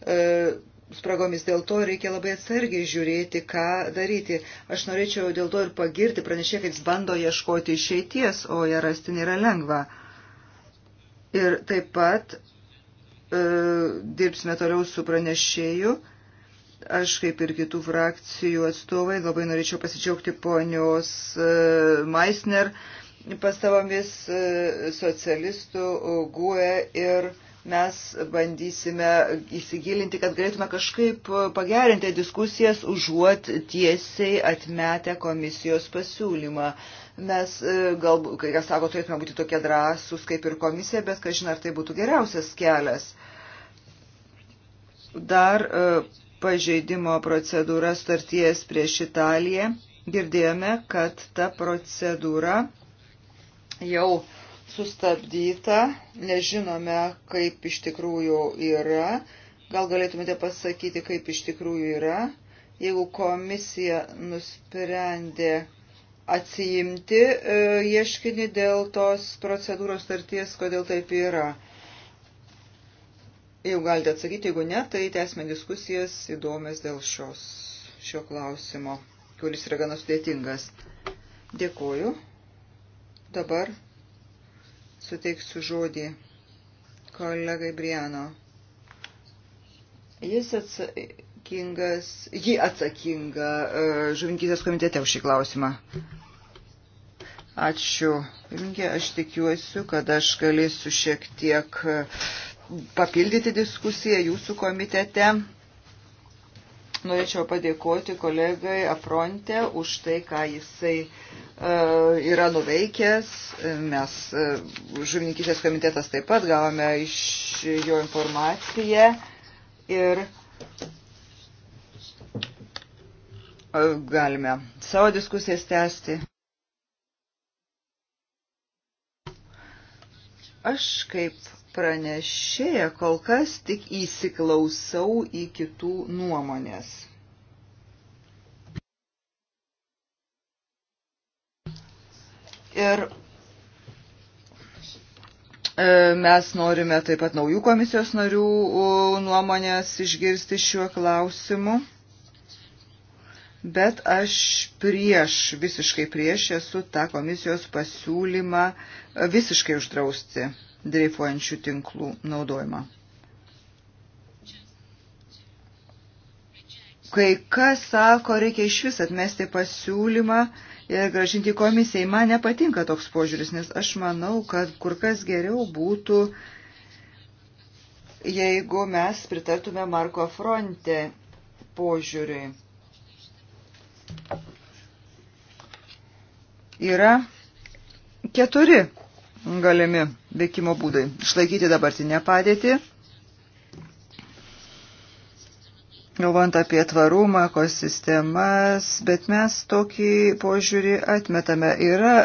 e, spragomis. Dėl to reikia labai atsargiai žiūrėti, ką daryti. Aš norėčiau dėl to ir pagirti pranešė, kad jis bando ieškoti išeities, o ją rasti nėra lengva. Ir taip pat E, dirbsime toliau su pranešėju. Aš kaip ir kitų frakcijų atstovai labai norėčiau pasidžiaugti ponios e, Meisner pastabomis e, socialistų, GUE ir mes bandysime įsigilinti, kad galėtume kažkaip pagerinti diskusijas, užuot tiesiai atmetę komisijos pasiūlymą. Mes, galbūt, kai kas sako, turėtume būti tokie drąsūs kaip ir komisija, bet kažin ar tai būtų geriausias kelias. Dar e, pažeidimo procedūra starties prieš Italiją. Girdėjome, kad ta procedūra jau sustabdyta, nežinome, kaip iš tikrųjų yra. Gal galėtumėte pasakyti, kaip iš tikrųjų yra. Jeigu komisija nusprendė atsiimti e, ieškinį dėl tos procedūros starties, kodėl taip yra. Jeigu galite atsakyti, jeigu ne, tai tęsime diskusijas įdomias dėl šios, šio klausimo, kuris yra gana sudėtingas. Dėkoju. Dabar suteiksiu žodį kolegai Briano. Jis atsakingas, ji atsakinga e, žuvinkysės komitete už šį klausimą. Ačiū. Pirminkė, aš tikiuosi, kad aš galėsiu šiek tiek e, papildyti diskusiją jūsų komitete. Norėčiau padėkoti kolegai Afronte už tai, ką jisai e, yra nuveikęs. Mes, e, žuvininkystės komitetas taip pat gavome iš jo informaciją ir e, galime savo diskusijas tęsti. Aš kaip pranešėja, kol kas tik įsiklausau į kitų nuomonės. Ir e, mes norime taip pat naujų komisijos narių nuomonės išgirsti šiuo klausimu. Bet aš prieš, visiškai prieš esu tą komisijos pasiūlymą e, visiškai uždrausti dreifuojančių tinklų naudojimą. Kai kas sako, reikia iš vis atmesti pasiūlymą ir gražinti komisijai. Man nepatinka toks požiūris, nes aš manau, kad kur kas geriau būtų, jeigu mes pritartume Marko fronte požiūriui. Yra keturi galimi veikimo būdai. Išlaikyti dabartinę padėtį, galvant apie tvarumą, ekosistemas, bet mes tokį požiūrį atmetame. Yra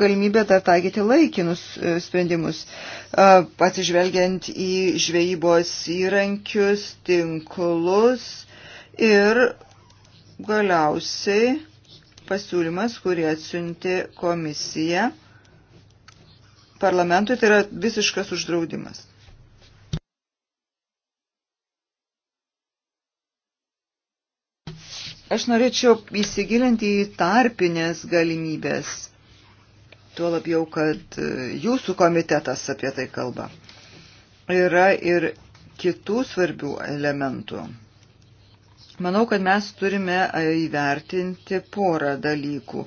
galimybė dar taikyti laikinus e, sprendimus, e, atsižvelgiant į žvejybos įrankius, tinklus ir galiausiai pasiūlymas, kurį atsiunti komisija parlamentui tai yra visiškas uždraudimas. Aš norėčiau įsigilinti į tarpinės galimybės, tuo labiau, kad e, jūsų komitetas apie tai kalba. Yra ir kitų svarbių elementų. Manau, kad mes turime e, įvertinti porą dalykų,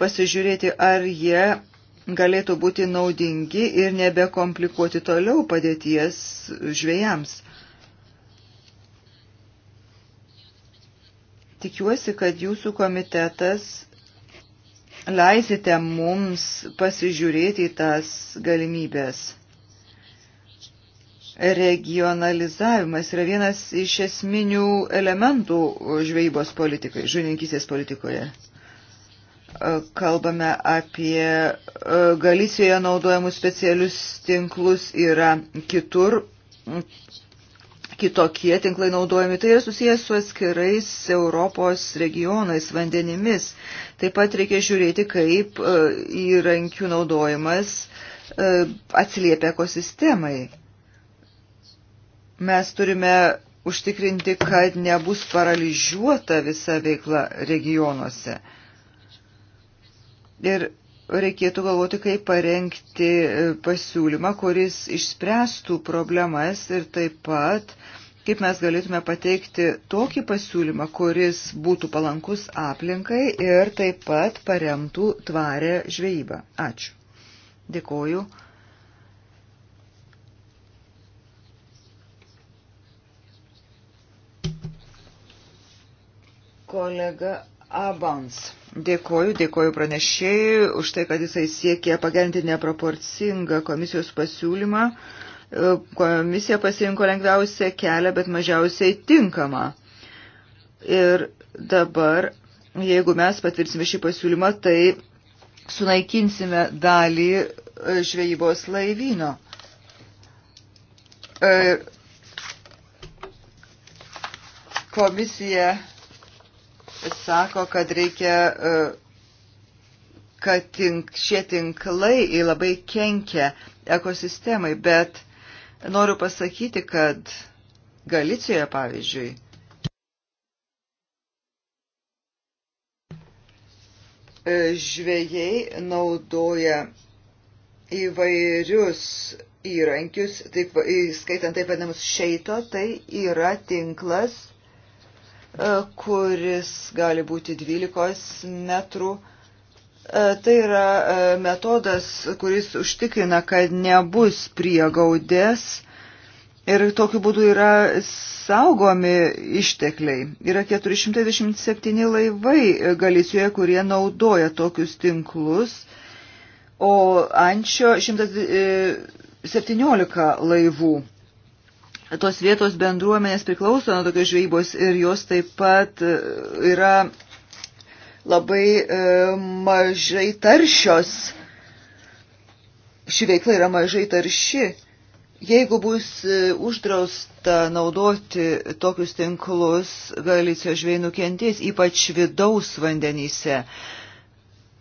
pasižiūrėti, ar jie galėtų būti naudingi ir nebekomplikuoti toliau padėties žvėjams. Tikiuosi, kad jūsų komitetas leisite mums pasižiūrėti į tas galimybės. Regionalizavimas yra vienas iš esminių elementų žvejybos politikai, žuvininkysės politikoje kalbame apie e, Galicijoje naudojamus specialius tinklus, yra kitur kitokie tinklai naudojami. Tai yra susijęs su atskirais Europos regionais, vandenimis. Taip pat reikia žiūrėti, kaip e, įrankių naudojimas e, atsiliepia ekosistemai. Mes turime užtikrinti, kad nebus paralyžiuota visa veikla regionuose. Ir reikėtų galvoti, kaip parengti e, pasiūlymą, kuris išspręstų problemas ir taip pat, kaip mes galėtume pateikti tokį pasiūlymą, kuris būtų palankus aplinkai ir taip pat paremtų tvarę žvejybą. Ačiū. Dėkoju. Kolega Abans. Dėkoju, dėkoju pranešėjui už tai, kad jisai siekė pagerinti neproporcingą komisijos pasiūlymą. E, komisija pasirinko lengviausią kelią, bet mažiausiai tinkamą. Ir dabar, jeigu mes patvirtinsime šį pasiūlymą, tai sunaikinsime dalį e, žvejybos laivyno. E, komisija sako, kad reikia, e, kad tink, šie tinklai labai kenkia ekosistemai, bet noriu pasakyti, kad Galicijoje, pavyzdžiui, e, žvėjai naudoja įvairius įrankius, taip, skaitant taip vadinamus šeito, tai yra tinklas E, kuris gali būti 12 metrų. E, tai yra e, metodas, kuris užtikrina, kad nebus priegaudės ir tokiu būdu yra saugomi ištekliai. Yra 427 laivai Galicijoje, kurie naudoja tokius tinklus, o ančio 117 laivų tos vietos bendruomenės priklauso nuo tokios žvejybos ir jos taip pat e, yra labai e, mažai taršios. Ši veikla yra mažai tarši. Jeigu bus e, uždrausta naudoti tokius tinklus, Galicijos žvėjai nukentės, ypač vidaus vandenyse.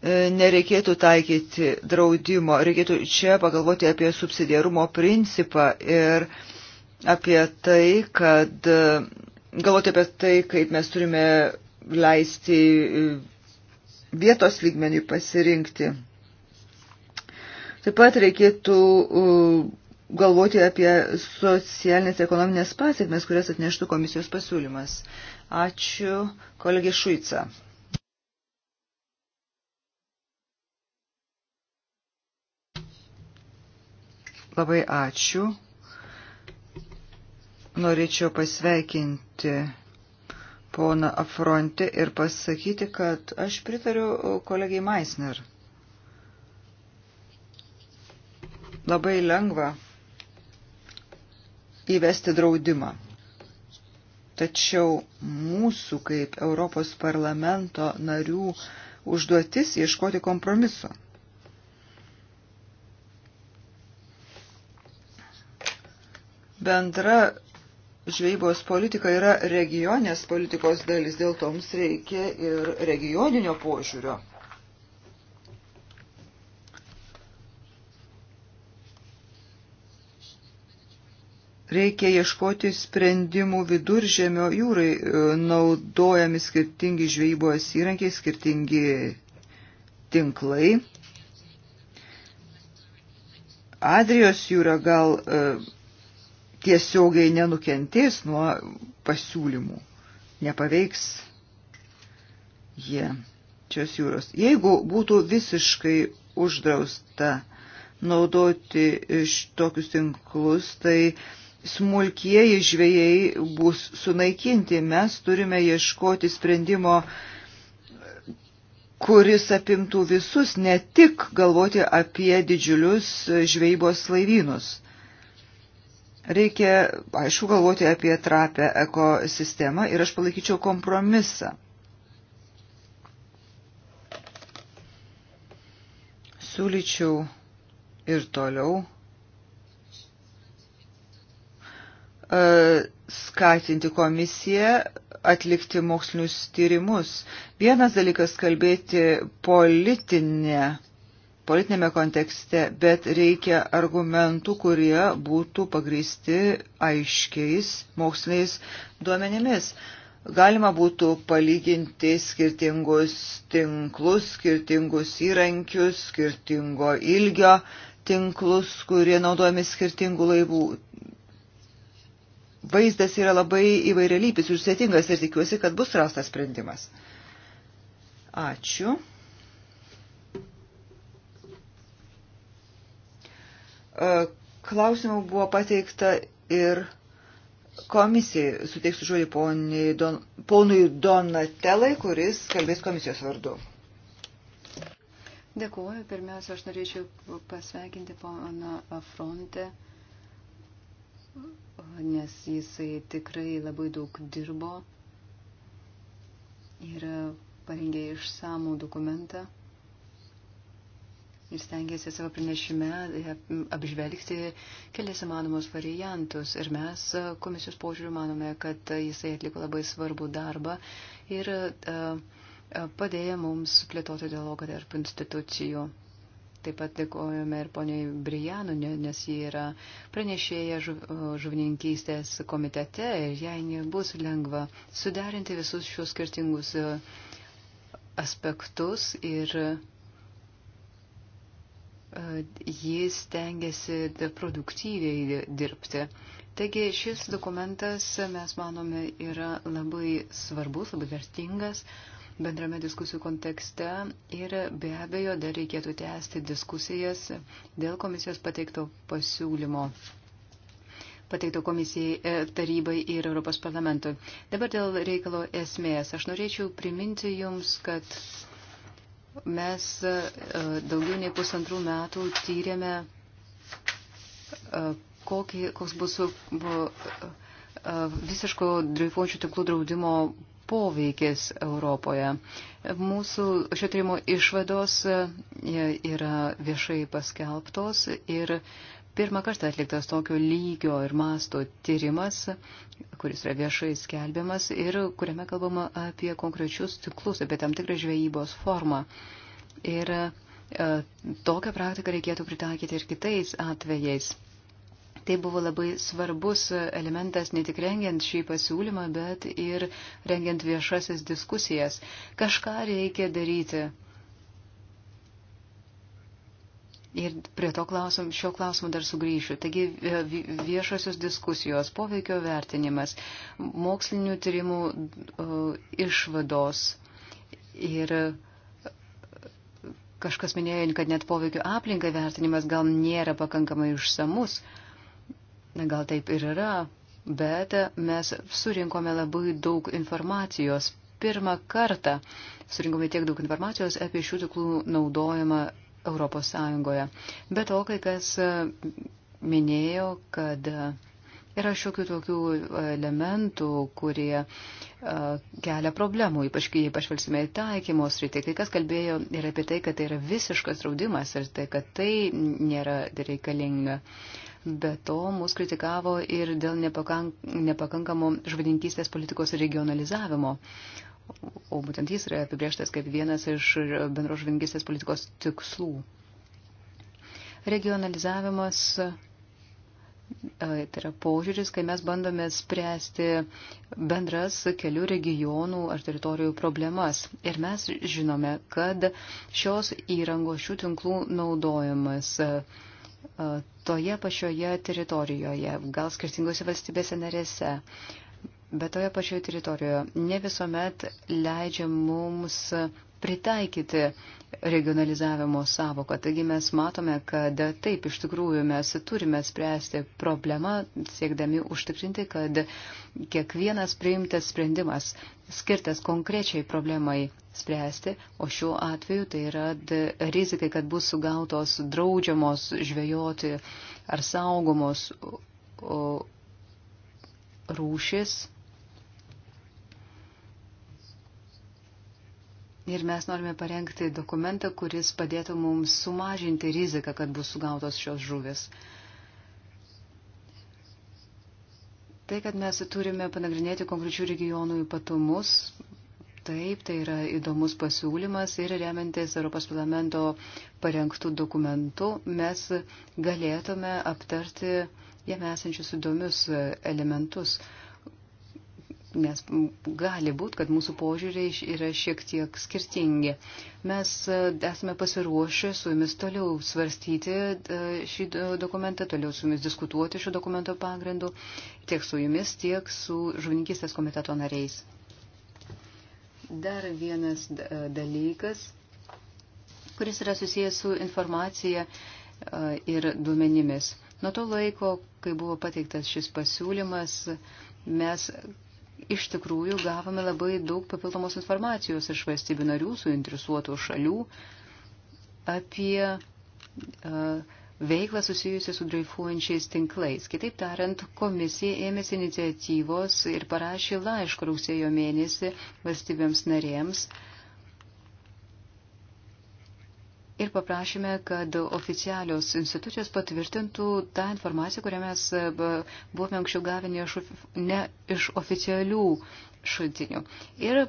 Nereikėtų taikyti draudimo, reikėtų čia pagalvoti apie subsidiarumo principą ir uh, apie tai, kad galvoti apie tai, kaip mes turime leisti e, vietos lygmenį pasirinkti. Taip pat reikėtų e, galvoti apie socialinės ekonominės pasiekmes, kurias atneštų komisijos pasiūlymas. Ačiū, kolegė Šuica. Labai ačiū norėčiau pasveikinti poną Afronti ir pasakyti, kad aš pritariu kolegiai Maisner. Labai lengva įvesti draudimą. Tačiau mūsų kaip Europos parlamento narių užduotis ieškoti kompromiso. Bendra žvejybos politika yra regionės politikos dalis, dėl to mums reikia ir regioninio požiūrio. Reikia ieškoti sprendimų viduržėmio jūrai, e, naudojami skirtingi žvejybos įrankiai, skirtingi tinklai. Adrijos jūra gal uh, tiesiogai nenukentės nuo pasiūlymų, nepaveiks jie yeah. šios jūros. Jeigu būtų visiškai uždrausta naudoti šitokius tinklus, tai smulkieji žvėjai bus sunaikinti. Mes turime ieškoti sprendimo kuris apimtų visus, ne tik galvoti apie didžiulius žvejybos laivynus. Reikia, aišku, galvoti apie trapę ekosistemą ir aš palaikyčiau kompromisą. Siūlyčiau ir toliau e, skatinti komisiją atlikti mokslinius tyrimus. Vienas dalykas kalbėti politinę politinėme kontekste, bet reikia argumentų, kurie būtų pagristi aiškiais moksliniais duomenimis. Galima būtų palyginti skirtingus tinklus, skirtingus įrankius, skirtingo ilgio tinklus, kurie naudojami skirtingų laivų. Vaizdas yra labai įvairialypis ir sėtingas ir tikiuosi, kad bus rastas sprendimas. Ačiū. E, klausimų buvo pateikta ir komisijai. Suteiksiu žodį Don, ponui Donatelai, kuris kalbės komisijos vardu. Dėkuoju. Pirmiausia, aš norėčiau pasveikinti poną Fronte, nes jisai tikrai labai daug dirbo ir parengė išsamų dokumentą. Jis tengiasi savo pranešime e, apžvelgti kelias įmanomus variantus ir mes e, komisijos požiūriu manome, kad jisai atliko labai svarbų darbą ir e, padėjo mums plėtoti dialogą tarp institucijų. Taip pat dėkojame ir poniai Brijanų, nes jie yra pranešėja žuvininkystės komitete ir jai nebus lengva suderinti visus šios skirtingus aspektus ir jis tengiasi produktyviai dirbti. Taigi šis dokumentas, mes manome, yra labai svarbus, labai vertingas bendrame diskusijų kontekste ir be abejo dar reikėtų tęsti diskusijas dėl komisijos pateikto pasiūlymo pateikto komisijai, e, tarybai ir Europos parlamentui. Dabar dėl reikalo esmės. Aš norėčiau priminti Jums, kad mes e, daugiau nei pusantrų metų tyrėme, e, kokį, koks bus e, visiško dreifuojančių tinklų draudimo poveikis Europoje. Mūsų šio tyrimo išvados yra viešai paskelbtos ir Pirmą kartą atliktas tokio lygio ir masto tyrimas, kuris yra viešai skelbiamas ir kuriame kalbama apie konkrečius tiklus, apie tam tikrą žvejybos formą. Ir e, tokią praktiką reikėtų pritaikyti ir kitais atvejais. Tai buvo labai svarbus elementas ne tik rengiant šį pasiūlymą, bet ir rengiant viešasis diskusijas. Kažką reikia daryti. Ir prie to klausim, šio klausimo dar sugrįšiu. Taigi e, viešosios diskusijos, poveikio vertinimas, mokslinių tyrimų e, išvados ir e, kažkas minėjo, kad net poveikio aplinkai vertinimas gal nėra pakankamai išsamus. Na, gal taip ir yra, bet mes surinkome labai daug informacijos pirmą kartą surinkome tiek daug informacijos apie šių tiklų naudojimą Europos Sąjungoje. Bet to, kai kas e, minėjo, kad e, yra šiokių tokių e, elementų, kurie kelia problemų, ypač kai pažvelgsime į taikymo sritį. Kai kas kalbėjo ir apie tai, kad tai yra visiškas draudimas ir tai, kad tai nėra reikalinga. Be to, mus kritikavo ir dėl nepakank, nepakankamo žvadinkystės politikos regionalizavimo. Uh, o būtent jis yra apibrieštas kaip vienas iš bendros žvingistės politikos tikslų. Regionalizavimas e, tai yra požiūris, kai mes bandome spręsti bendras kelių regionų ar teritorijų problemas. Ir mes žinome, kad šios įrangos šių tinklų naudojimas e, toje pačioje teritorijoje, gal skirtingose valstybėse narėse, bet toje pačioje teritorijoje ne visuomet leidžia mums pritaikyti regionalizavimo savoką. Taigi mes matome, kad taip iš tikrųjų mes turime spręsti problemą, siekdami užtikrinti, kad kiekvienas priimtas sprendimas skirtas konkrečiai problemai spręsti, o šiuo atveju tai yra rizikai, kad bus sugautos draudžiamos žvejoti ar saugomos rūšis Ir mes norime parengti dokumentą, kuris padėtų mums sumažinti riziką, kad bus sugautos šios žuvis. Tai, kad mes turime panagrinėti konkrečių regionų ypatumus, Taip, tai yra įdomus pasiūlymas ir remiantis Europos parlamento parengtų dokumentų mes galėtume aptarti jame esančius įdomius elementus, Mes gali būti, kad mūsų požiūriai yra šiek tiek skirtingi. Mes e, esame pasiruošę su jumis toliau svarstyti e, šį dokumentą, toliau su jumis diskutuoti šio dokumento pagrindu, tiek su jumis, tiek su žuvininkistės komiteto nariais. Dar vienas e, dalykas, kuris yra susijęs su informacija ir duomenimis. Nuo to laiko, kai buvo pateiktas šis pasiūlymas, mes iš tikrųjų gavome labai daug papildomos informacijos iš valstybių narių, suinteresuotų šalių apie uh, veiklą susijusią su dreifuojančiais tinklais. Kitaip tariant, komisija ėmėsi iniciatyvos ir parašė laišką rugsėjo mėnesį valstybėms narėms uh, ir paprašėme, kad oficialios institucijos patvirtintų tą informaciją, kurią mes e, buvome anksčiau gavę ne iš, ne iš oficialių šaltinių. Ir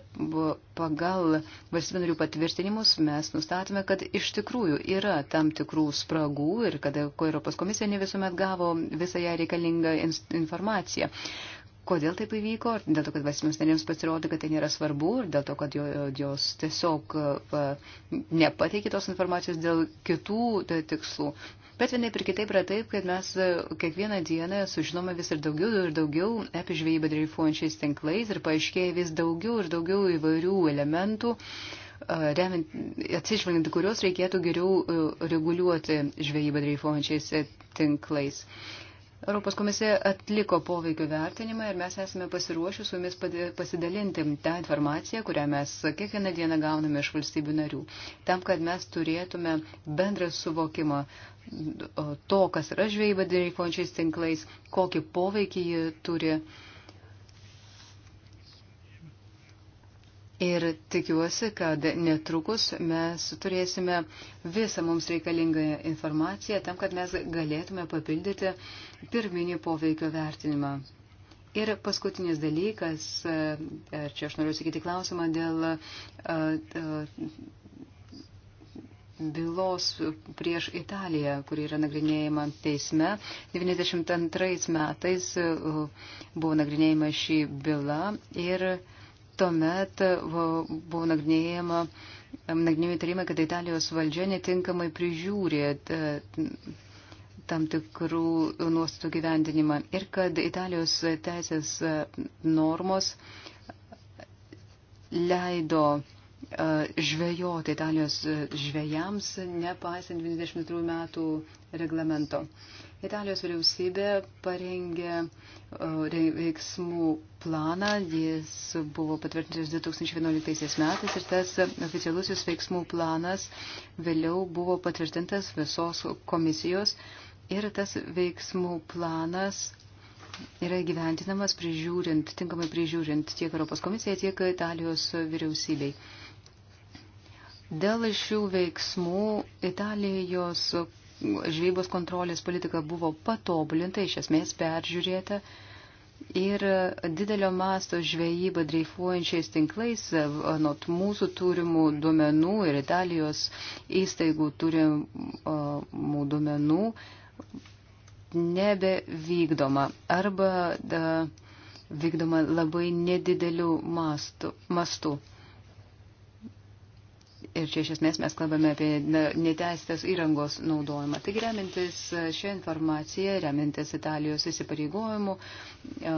pagal valstybinarių patvirtinimus mes nustatome, kad iš tikrųjų yra tam tikrų spragų ir kad e, Europos komisija ne visuomet gavo visą ją reikalingą informaciją. Kodėl taip įvyko? Ar dėl to, kad valstybėms narėms pasirodė, kad tai nėra svarbu, ar dėl to, kad jos tiesiog e, nepateikė tos informacijos dėl kitų e, tikslų. Bet vienaip ir kitaip yra taip, kad mes e, kiekvieną dieną sužinome vis ir daugiau ir daugiau apie žvejybą dreifuojančiais tinklais ir paaiškėja vis daugiau ir daugiau įvairių elementų, atsižvelgiant kuriuos reikėtų geriau reguliuoti žvejybą dreifuojančiais tinklais. Uh, Europos komisija atliko poveikio vertinimą ir mes esame pasiruošę su jumis pasidalinti tą informaciją, kurią mes kiekvieną dieną gauname iš valstybių narių, tam, kad mes turėtume bendrą suvokimą to, kas yra žvejyba dreifuojančiais tinklais, kokį poveikį jį turi Ir tikiuosi, kad netrukus mes turėsime visą mums reikalingą informaciją tam, kad mes galėtume papildyti pirminį poveikio vertinimą. Ir paskutinis dalykas, e, e, čia aš noriu sakyti klausimą dėl e, bylos prieš Italiją, kuri yra nagrinėjama teisme. 92 metais buvo nagrinėjama šį bylą ir tuomet e, buvo nagrinėjama, e, nagrinėjami tarimai, kad Italijos valdžia netinkamai prižiūrė e, tam tikrų nuostatų gyvendinimą ir kad Italijos teisės normos leido žvejoti Italijos žvejams, nepaisant 23 metų reglamento. Italijos vyriausybė parengė veiksmų planą, jis buvo patvirtintas 2011 metais ir tas oficialusis veiksmų planas vėliau buvo patvirtintas visos komisijos ir tas veiksmų planas yra gyventinamas prižiūrint, tinkamai prižiūrint tiek Europos komisiją, tiek Italijos vyriausybei. Dėl šių veiksmų Italijos žvejybos kontrolės politika buvo patobulinta, iš esmės peržiūrėta. Ir didelio masto žvejyba dreifuojančiais tinklais, anot mūsų turimų duomenų ir Italijos įstaigų turimų duomenų, nebevykdoma arba da, vykdoma labai nedideliu mastu. mastu. Ir čia iš esmės mes kalbame apie neteisėtas įrangos naudojimą. Taigi remintis e, šią informaciją, remintis Italijos įsipareigojimu, e,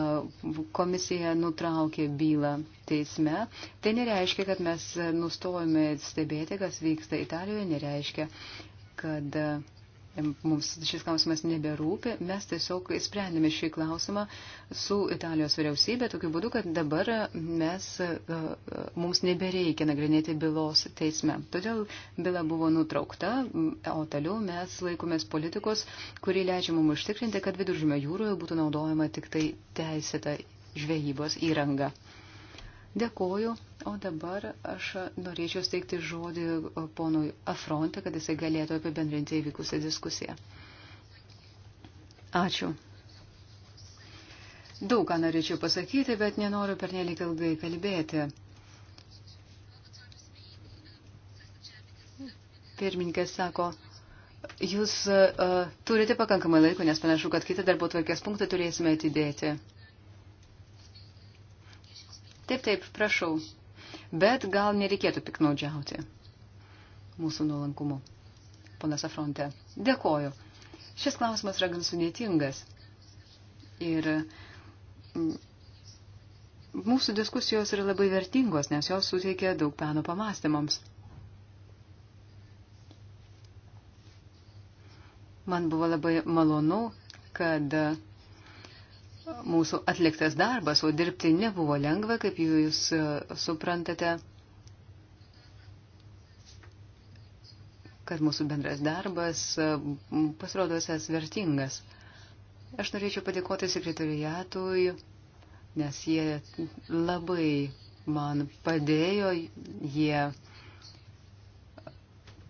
komisija nutraukė bylą teisme. Tai nereiškia, kad mes nustojame stebėti, kas vyksta Italijoje, nereiškia, kad mums šis klausimas neberūpi, mes tiesiog sprendėme šį klausimą su Italijos vyriausybė tokiu būdu, kad dabar mes, e, e, mums nebereikia nagrinėti bylos teisme. Todėl byla buvo nutraukta, o toliau mes laikomės politikos, kuri leidžia mums užtikrinti, kad viduržymio jūroje būtų naudojama tik tai teisėta žvejybos įranga. Dėkoju, o dabar aš norėčiau steigti žodį ponui Afrontą, kad jisai galėtų apibendrinti įvykusią diskusiją. Ačiū. Daug ką norėčiau pasakyti, bet nenoriu per nelik ilgai kalbėti. Pirmininkas sako, jūs uh, turite pakankamai laiko, nes panašu, kad kitą darbo tvarkės punktą turėsime atidėti. Taip, taip, prašau. Bet gal nereikėtų piknaudžiauti mūsų nuolankumu. Ponas Afronte, dėkoju. Šis klausimas yra gan sudėtingas. Ir mm, mūsų diskusijos yra labai vertingos, nes jos suteikia daug peno pamastymams. Man buvo labai malonu, kad mūsų atliktas darbas, o dirbti nebuvo lengva, kaip jūs e, suprantate, kad mūsų bendras darbas e, pasirodo esas vertingas. Aš norėčiau padėkoti sekretoriatui, nes jie labai man padėjo, jie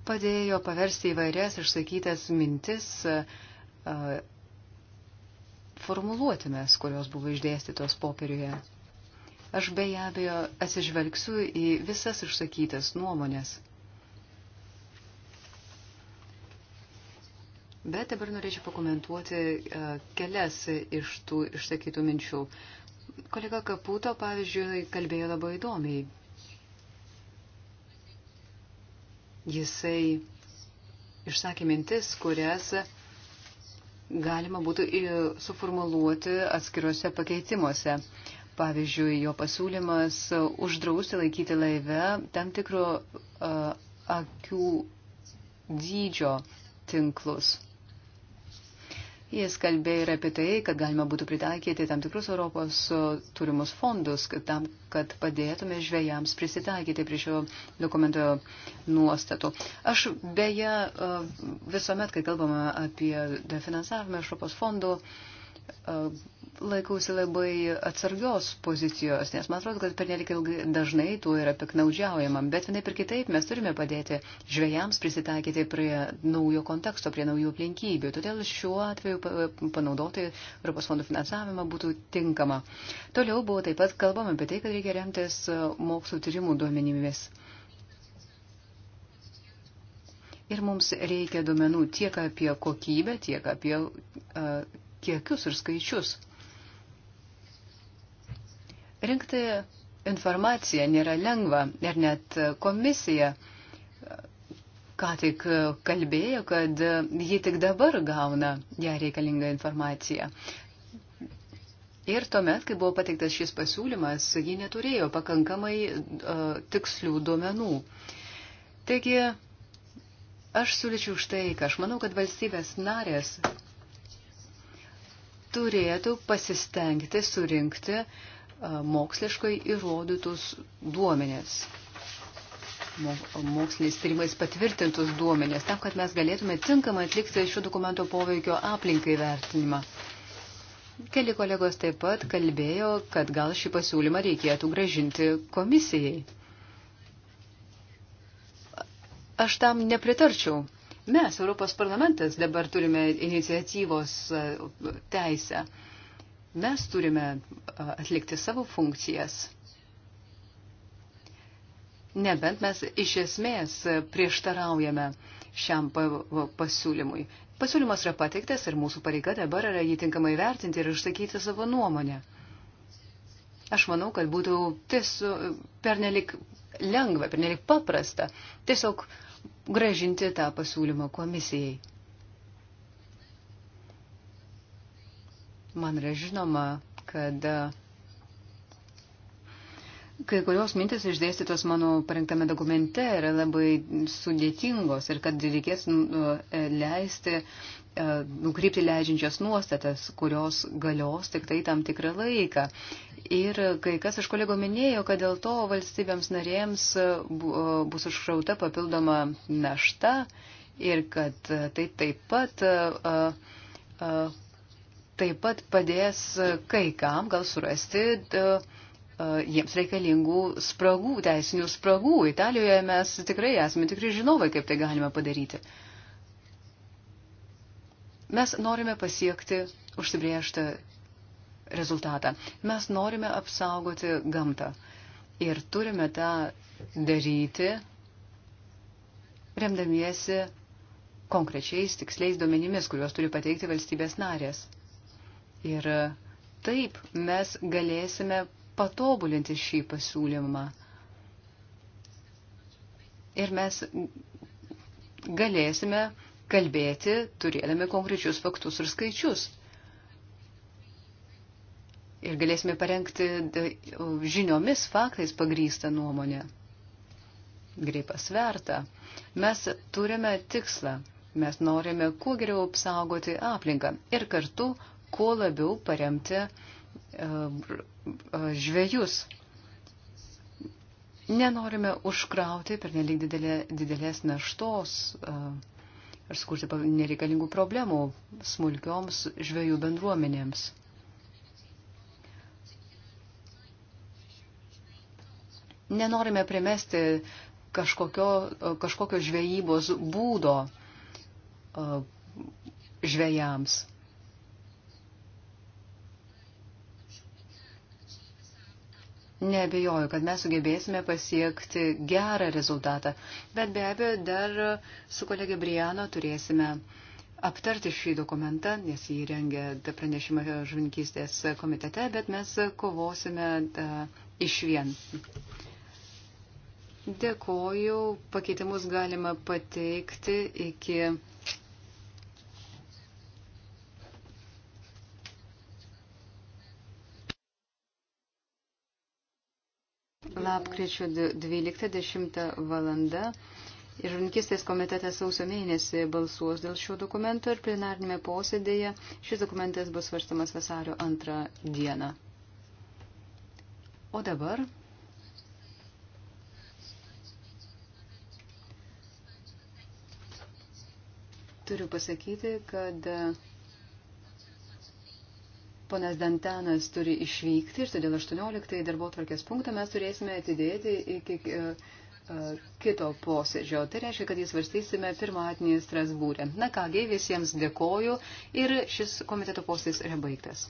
padėjo paversti įvairias išsakytas mintis e, formuluotimės, kurios buvo išdėstytos popieriuje. Aš be abejo atsižvelgsiu į visas išsakytas nuomonės. Bet dabar norėčiau pakomentuoti e, kelias iš tų išsakytų minčių. Kolega Kaputo, pavyzdžiui, kalbėjo labai įdomiai. Jisai išsakė mintis, kurias galima būtų suformuluoti atskiruose pakeitimuose. Pavyzdžiui, jo pasiūlymas uždrausti laikyti laive tam tikro uh, akių dydžio tinklus. Jis kalbėjo ir apie tai, kad galima būtų pritaikyti tam tikrus Europos turimus fondus, kad tam, kad padėtume žvėjams prisitaikyti prie šio dokumento nuostatų. Aš beje visuomet, kai kalbame apie finansavimą iš Europos fondų, uh, E, laikausi labai atsargios pozicijos, nes man atrodo, kad pernelik dažnai tuo yra piknaudžiaujama, bet vienaip ir kitaip mes turime padėti žvėjams prisitaikyti prie naujo konteksto, prie naujų aplinkybių. Todėl šiuo atveju panaudoti Europos fondų finansavimą būtų tinkama. Toliau buvo taip pat kalbama apie tai, kad reikia remtis e, mokslo tyrimų duomenimis. Ir mums reikia duomenų tiek apie kokybę, tiek apie uh, kiekius ir skaičius. Rinkti informaciją nėra lengva ir net komisija ką tik kalbėjo, kad ji tik dabar gauna ją reikalingą informaciją. Ir tuomet, kai buvo pateiktas šis pasiūlymas, ji neturėjo pakankamai uh, tikslių duomenų. Taigi, aš siūlyčiau štai, ką aš manau, kad valstybės narės turėtų pasistengti surinkti moksliškai įrodytus duomenės, moksliniais tyrimais patvirtintus duomenės, tam, kad mes galėtume tinkamai atlikti šių dokumento poveikio aplinkai vertinimą. Keli kolegos taip pat kalbėjo, kad gal šį pasiūlymą reikėtų gražinti komisijai. Aš tam nepritarčiau. Mes, Europos parlamentas, dabar turime iniciatyvos e, teisę. Mes turime e, atlikti savo funkcijas. Nebent mes iš esmės prieštaraujame šiam pasiūlymui. Pasiūlymas yra pateiktas ir mūsų pareiga dabar yra jį tinkamai vertinti ir išsakyti savo nuomonę. Aš manau, kad būtų tiesiog e, pernelik lengva, pernelik paprasta tiesiog gražinti tą pasiūlymą komisijai. Man yra žinoma, kad kai kurios mintis išdėstytos mano parengtame dokumente yra labai sudėtingos ir kad reikės nu, e, leisti, e, nukrypti leidžiančias nuostatas, kurios galios tik tai tam tikrą laiką. Ir kai kas iš kolego minėjo, kad dėl to valstybėms narėms e, bus užkrauta papildoma našta ir kad tai taip pat. Taip pat padės kai kam gal surasti uh, E, jiems reikalingų spragų, teisinių spragų. Italijoje mes tikrai esame tikrai žinovai, kaip tai galime padaryti. Mes norime pasiekti užsibriežtą rezultatą. Mes norime apsaugoti gamtą. Ir turime tą daryti, remdamiesi konkrečiais tiksliais duomenimis, kuriuos turi pateikti valstybės narės. Ir taip mes galėsime patobulinti šį pasiūlymą. Ir mes galėsime kalbėti, turėdami konkrečius faktus ir skaičius. Ir galėsime parengti žiniomis faktais pagrystą nuomonę. Greipa sverta. Mes turime tikslą. Mes norime kuo geriau apsaugoti aplinką ir kartu kuo labiau paremti e, žvėjus. Nenorime užkrauti per nelik didelė, didelės naštos ir skurti nereikalingų problemų smulkioms žvėjų bendruomenėms. Nenorime primesti kažkokio, kažkokio žvejybos būdo žvėjams. nebejoju, kad mes sugebėsime pasiekti gerą rezultatą. Bet be abejo, dar su kolegė Briano turėsime aptarti šį dokumentą, nes jį rengia pranešimą žvinkystės komitete, bet mes kovosime da, e, iš vien. Dėkoju, pakeitimus galima pateikti iki lapkričio 12.10 valandą. Ir žurnikistės komitetas sausio mėnesį balsuos dėl šio dokumento ir plenarnėme posėdėje šis dokumentas bus svarstamas vasario antrą dieną. O dabar. Turiu pasakyti, kad Ponas Dantanas turi išvykti ir todėl 18 darbo tvarkės punktą mes turėsime atidėti iki e, e, kito posėdžio. Tai reiškia, kad jį svarstysime pirmadienį Strasbūrė. Na kągi, visiems dėkoju ir šis komiteto posėdis yra baigtas.